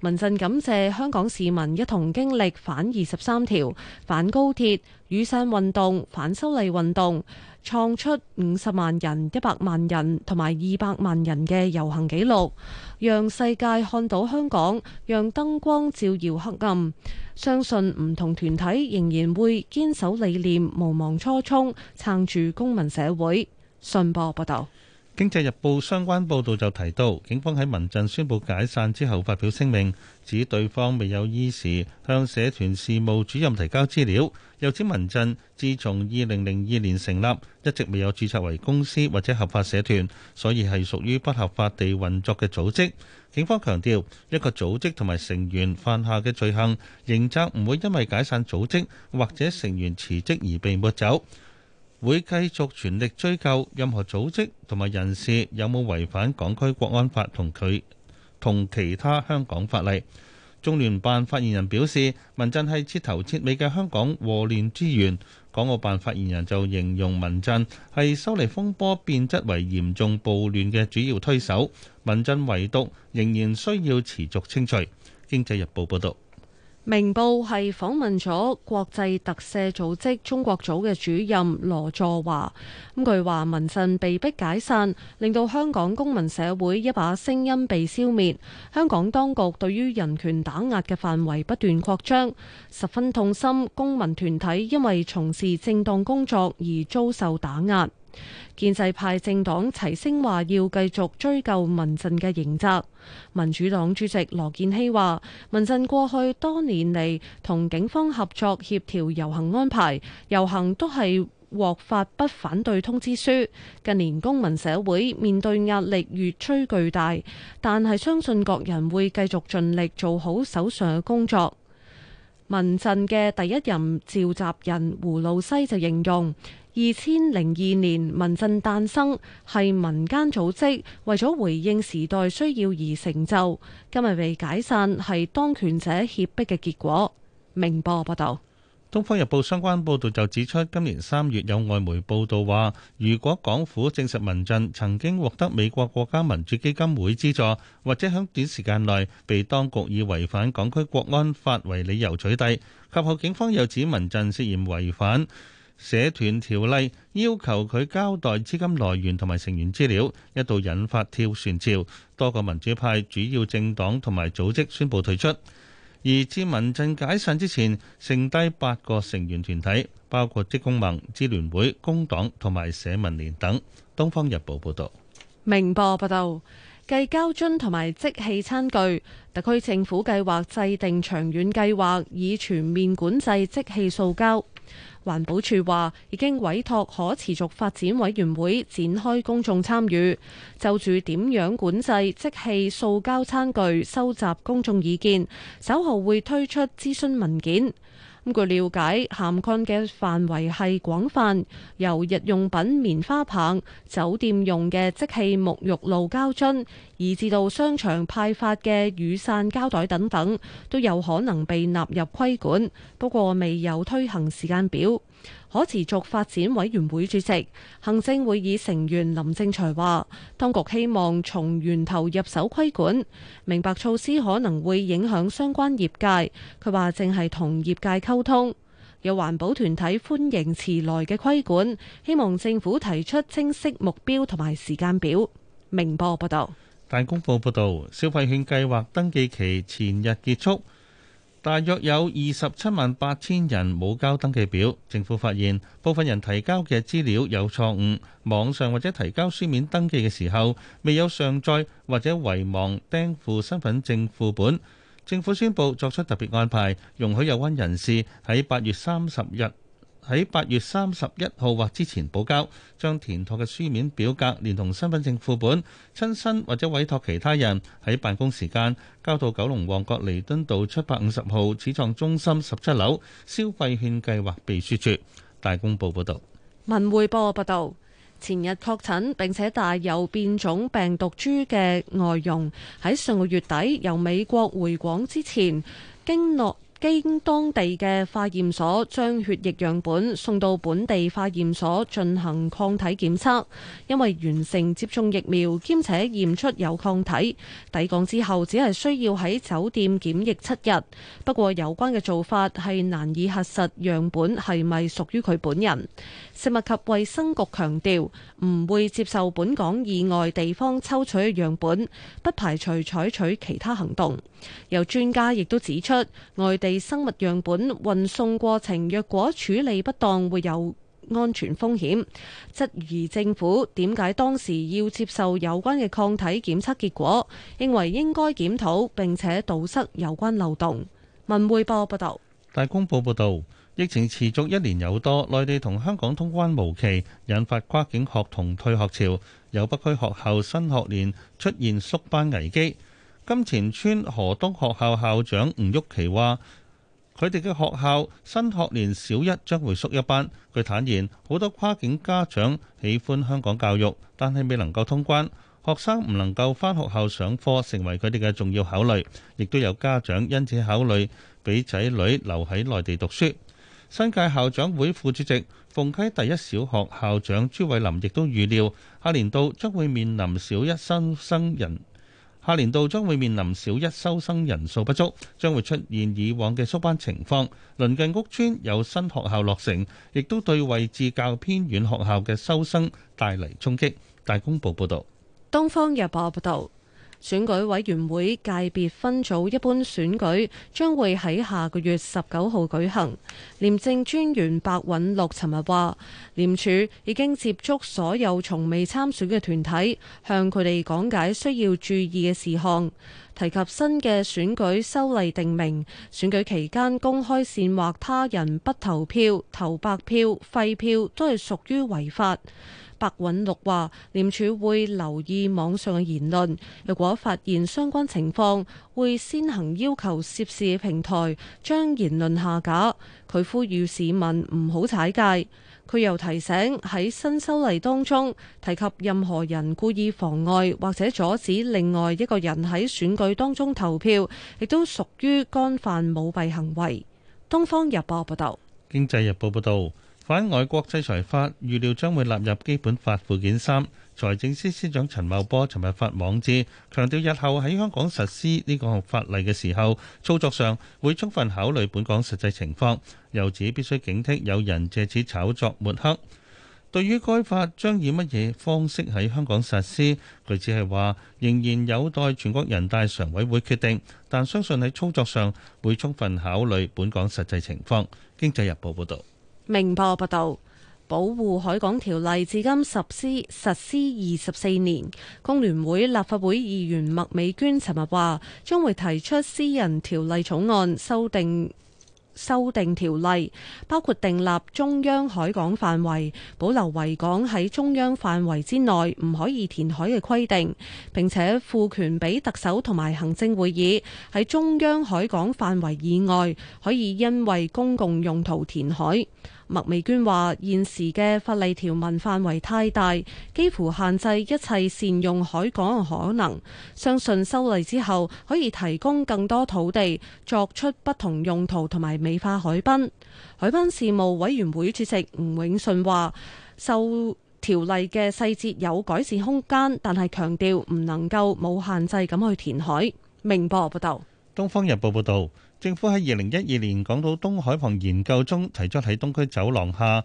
民陣感謝香港市民一同經歷反二十三條、反高鐵、雨傘運動、反修例運動，創出五十萬人、一百萬人同埋二百萬人嘅遊行記錄，讓世界看到香港，讓燈光照耀黑暗。相信唔同團體仍然會堅守理念，無忘初衷，撐住公民社會。信報報道。經濟日報相關報導就提到，警方喺民陣宣布解散之後發表聲明，指對方未有依時向社團事務主任提交資料，又指民陣自從二零零二年成立，一直未有註冊為公司或者合法社團，所以係屬於不合法地運作嘅組織。警方強調，一個組織同埋成員犯下嘅罪行，刑責唔會因為解散組織或者成員辭職而被抹走。會繼續全力追究任何組織同埋人士有冇違反港區國安法同佢同其他香港法例。中聯辦發言人表示，民陣係徹頭徹尾嘅香港禍亂之源。港澳辦發言人就形容民陣係修例風波變質為嚴重暴亂嘅主要推手。民陣餘毒仍然需要持續清除。經濟日報報導。明報係訪問咗國際特赦組織中國組嘅主任羅助華，咁佢話民陣被迫解散，令到香港公民社會一把聲音被消滅，香港當局對於人權打壓嘅範圍不斷擴張，十分痛心，公民團體因為從事正當工作而遭受打壓。建制派政黨齊聲話要繼續追究民陣嘅刑責。民主黨主席羅建熙話，民陣過去多年嚟，同警方合作協調遊行安排，遊行都係獲發不反對通知書。近年公民社會面對壓力越趨巨大，但係相信各人會繼續盡力做好手上嘅工作。民陣嘅第一任召集人胡露茜就形容，二千零二年民陣誕生係民間組織為咗回應時代需要而成就，今日被解散係當權者脅迫嘅結果。明波報道。《東方日報》相關報導就指出，今年三月有外媒報導話，如果港府證實民陣曾經獲得美國國家民主基金會資助，或者喺短時間內被當局以違反港區國安法為理由取締，及後警方又指民陣涉嫌違反社團條例，要求佢交代資金來源同埋成員資料，一度引發跳船潮，多個民主派主要政黨同埋組織宣布退出。而至民陣解散之前，剩低八個成員團體，包括職工盟、支聯會、工黨同埋社民連等。東方日報報道。明報報道，繼膠樽同埋即棄餐具，特區政府計劃制定長遠計劃，以全面管制即棄塑膠。環保署話，已經委託可持續發展委員會展開公眾參與，就住點樣管制即棄塑膠餐具收集公眾意見，稍後會推出諮詢文件。根據了解，涵蓋嘅範圍係廣泛，由日用品棉花棒、酒店用嘅即棄沐浴露膠樽，以至到商場派發嘅雨傘膠袋等等，都有可能被納入規管。不過，未有推行時間表。可持續發展委員會主席、行政會議成員林正財話，當局希望從源頭入手規管，明白措施可能會影響相關業界。佢話淨係同業界溝通。有環保團體歡迎遲來嘅規管，希望政府提出清晰目標同埋時間表。明報報道，大公報報道，消費券計劃登記期前日結束。大約有二十七萬八千人冇交登記表，政府發現部分人提交嘅資料有錯誤，網上或者提交書面登記嘅時候未有上載或者遺忘釘附身份證副本。政府宣布作出特別安排，容許有關人士喺八月三十日。喺八月三十一號或之前補交，將填妥嘅書面表格連同身份證副本，親身或者委託其他人喺辦公時間交到九龍旺角彌敦道七百五十號始創中心十七樓消費券計劃秘書處。大公報報道。文匯報報道，前日確診並且帶有變種病毒株嘅外傭，喺上個月底由美國回港之前，經落。經當地嘅化驗所將血液樣本送到本地化驗所進行抗體檢測，因為完成接種疫苗兼且驗出有抗體，抵港之後只係需要喺酒店檢疫七日。不過有關嘅做法係難以核實樣本係咪屬於佢本人。食物及衛生局強調唔會接受本港以外地方抽取嘅樣本，不排除採取其他行動。有專家亦都指出外地。生物樣本運送過程若果處理不當會有安全風險，質疑政府點解當時要接受有關嘅抗體檢測結果，認為應該檢討並且堵塞有關漏洞。文匯報報道，大公報報道，疫情持續一年有多，內地同香港通關無期，引發跨境學童退學潮，有北區學校新學年出現縮班危機。金錢村何東學校校,校長吳旭琪話。佢哋嘅學校新學年小一將會縮一班。佢坦言，好多跨境家長喜歡香港教育，但係未能夠通關，學生唔能夠返學校上課，成為佢哋嘅重要考慮，亦都有家長因此考慮俾仔女留喺內地讀書。新界校長會副主席、鳳溪第一小學校長朱偉林亦都預料，下年度將會面臨小一新生，生人。下年度將會面臨小一收生人數不足，將會出現以往嘅縮班情況。鄰近屋邨有新學校落成，亦都對位置較偏遠學校嘅收生帶嚟衝擊。大公報報道。東方日報報道。選舉委員會界別分組一般選舉將會喺下個月十九號舉行。廉政專員白韞六尋日話，廉署已經接觸所有從未參選嘅團體，向佢哋講解需要注意嘅事項，提及新嘅選舉修例訂明，選舉期間公開煽惑他人不投票、投白票、廢票都係屬於違法。白韞六話，廉署會留意網上嘅言論，若果發現相關情況，會先行要求涉事平台將言論下架。佢呼籲市民唔好踩界。佢又提醒喺新修例當中，提及任何人故意妨礙或者阻止另外一個人喺選舉當中投票，亦都屬於干犯舞弊行為。東方日報報道，經濟日報報道。反外國制裁法預料將會納入基本法附件三。財政司司長陳茂波尋日發網誌，強調日後喺香港實施呢個法例嘅時候，操作上會充分考慮本港實際情況，由此必須警惕有人借此炒作抹黑。對於該法將以乜嘢方式喺香港實施，佢只係話仍然有待全國人大常委會決定，但相信喺操作上會充分考慮本港實際情況。經濟日報報導。明報報道：保護海港條例至今實施實施二十四年，工聯會立法會議員麥美娟尋日話，將會提出私人條例草案修訂修訂條例，包括訂立中央海港範圍，保留維港喺中央範圍之內唔可以填海嘅規定，並且賦權俾特首同埋行政會議喺中央海港範圍以外可以因為公共用途填海。麥美娟話：現時嘅法例條文範圍太大，幾乎限制一切善用海港嘅可能。相信修例之後，可以提供更多土地，作出不同用途同埋美化海濱。海濱事務委員會主席吳永順話：修條例嘅細節有改善空間，但係強調唔能夠冇限制咁去填海。明報報道，《東方日報》報道。政府喺二零一二年港島東海旁研究中提出喺東區走廊下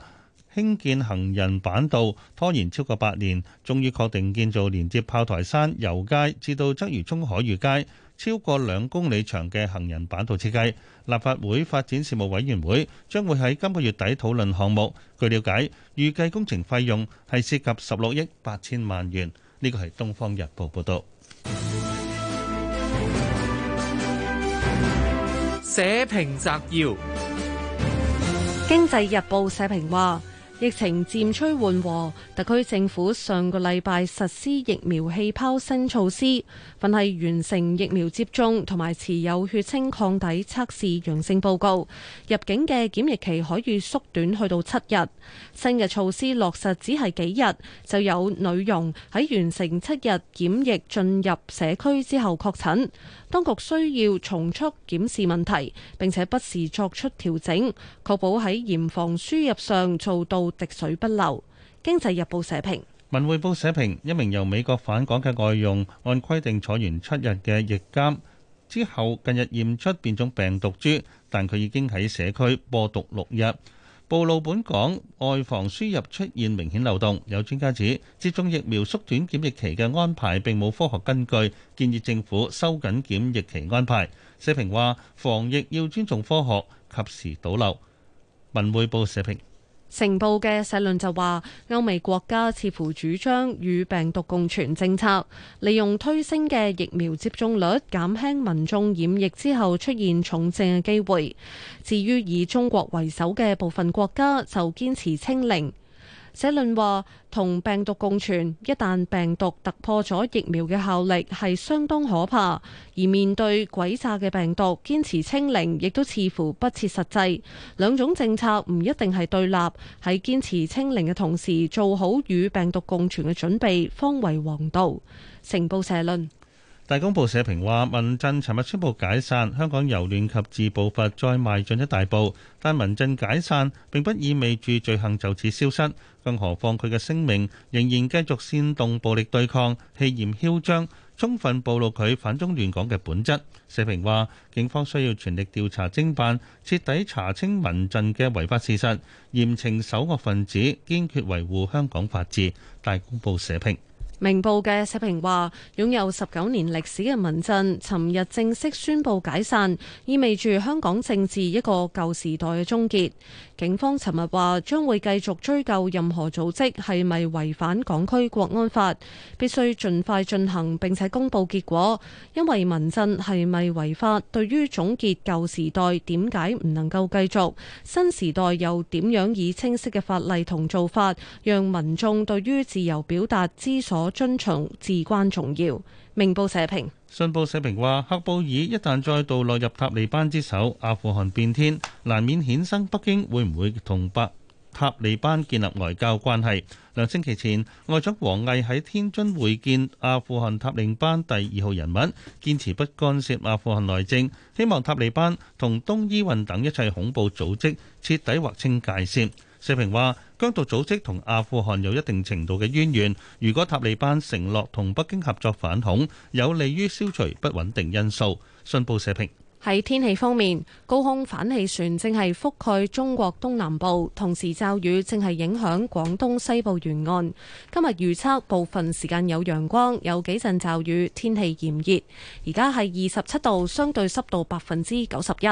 興建行人板道，拖延超過八年，終於確定建造連接炮台山油街至到鰂魚湧海裕街超過兩公里長嘅行人板道設計。立法會發展事務委員會將會喺今個月底討論項目。據了解，預計工程費用係涉及十六億八千萬元。呢個係《東方日報》報導。社評摘要，《經濟日報》社評話：疫情漸趨緩和，特區政府上個禮拜實施疫苗氣泡新措施，凡係完成疫苗接種同埋持有血清抗體測試陽性報告入境嘅檢疫期可以縮短去到七日。新嘅措施落實只係幾日，就有女傭喺完成七日檢疫進入社區之後確診。當局需要重速檢視問題，並且不時作出調整，確保喺嚴防輸入上做到滴水不漏。經濟日報社評。文匯報社評，一名由美國返港嘅外傭，按規定坐完七日嘅疫監之後，近日驗出變種病毒株，但佢已經喺社區播毒六日。暴露本港外防輸入出現明顯漏洞，有專家指接種疫苗縮短檢疫期嘅安排並冇科學根據，建議政府收緊檢疫期安排。社評話：防疫要尊重科學，及時堵漏。文匯報社評。成報嘅社論就話：歐美國家似乎主張與病毒共存政策，利用推升嘅疫苗接種率減輕民眾染疫之後出現重症嘅機會。至於以中國為首嘅部分國家，就堅持清零。社論話同病毒共存，一旦病毒突破咗疫苗嘅效力，係相當可怕。而面對詭詐嘅病毒，堅持清零亦都似乎不切實際。兩種政策唔一定係對立，喺堅持清零嘅同時，做好與病毒共存嘅準備，方為王道。成報社論。大公報社評話：民陣尋日宣布解散，香港由亂及治步伐再邁進一大步。但民陣解散並不意味住罪行就此消失，更何況佢嘅聲明仍然繼續煽動暴力對抗，氣焰囂張，充分暴露佢反中亂港嘅本質。社評話：警方需要全力調查偵辦，徹底查清民陣嘅違法事實，嚴懲首惡分子，堅決維護香港法治。大公報社評。明報嘅社評話：擁有十九年歷史嘅民陣，尋日正式宣布解散，意味住香港政治一個舊時代嘅終結。警方尋日話將會繼續追究任何組織係咪違反港區國安法，必須盡快進行並且公佈結果，因為民陣係咪違法，對於總結舊時代點解唔能夠繼續，新時代又點樣以清晰嘅法例同做法，讓民眾對於自由表達知所遵從，至關重要。明報社評，信報社評話，喀布爾一旦再度落入塔利班之手，阿富汗變天，難免衍生北京會唔會同白塔利班建立外交關係，兩星期前，外長王毅喺天津會見阿富汗塔利班第二號人物，堅持不干涉阿富汗內政，希望塔利班同東伊運等一切恐怖組織徹底劃清界線，社評話。疆獨組織同阿富汗有一定程度嘅淵源，如果塔利班承諾同北京合作反恐，有利於消除不穩定因素。信報社評。喺天氣方面，高空反氣旋正係覆蓋中國東南部，同時驟雨正係影響廣東西部沿岸。今日預測部分時間有陽光，有幾陣驟雨，天氣炎熱。而家係二十七度，相對濕度百分之九十一。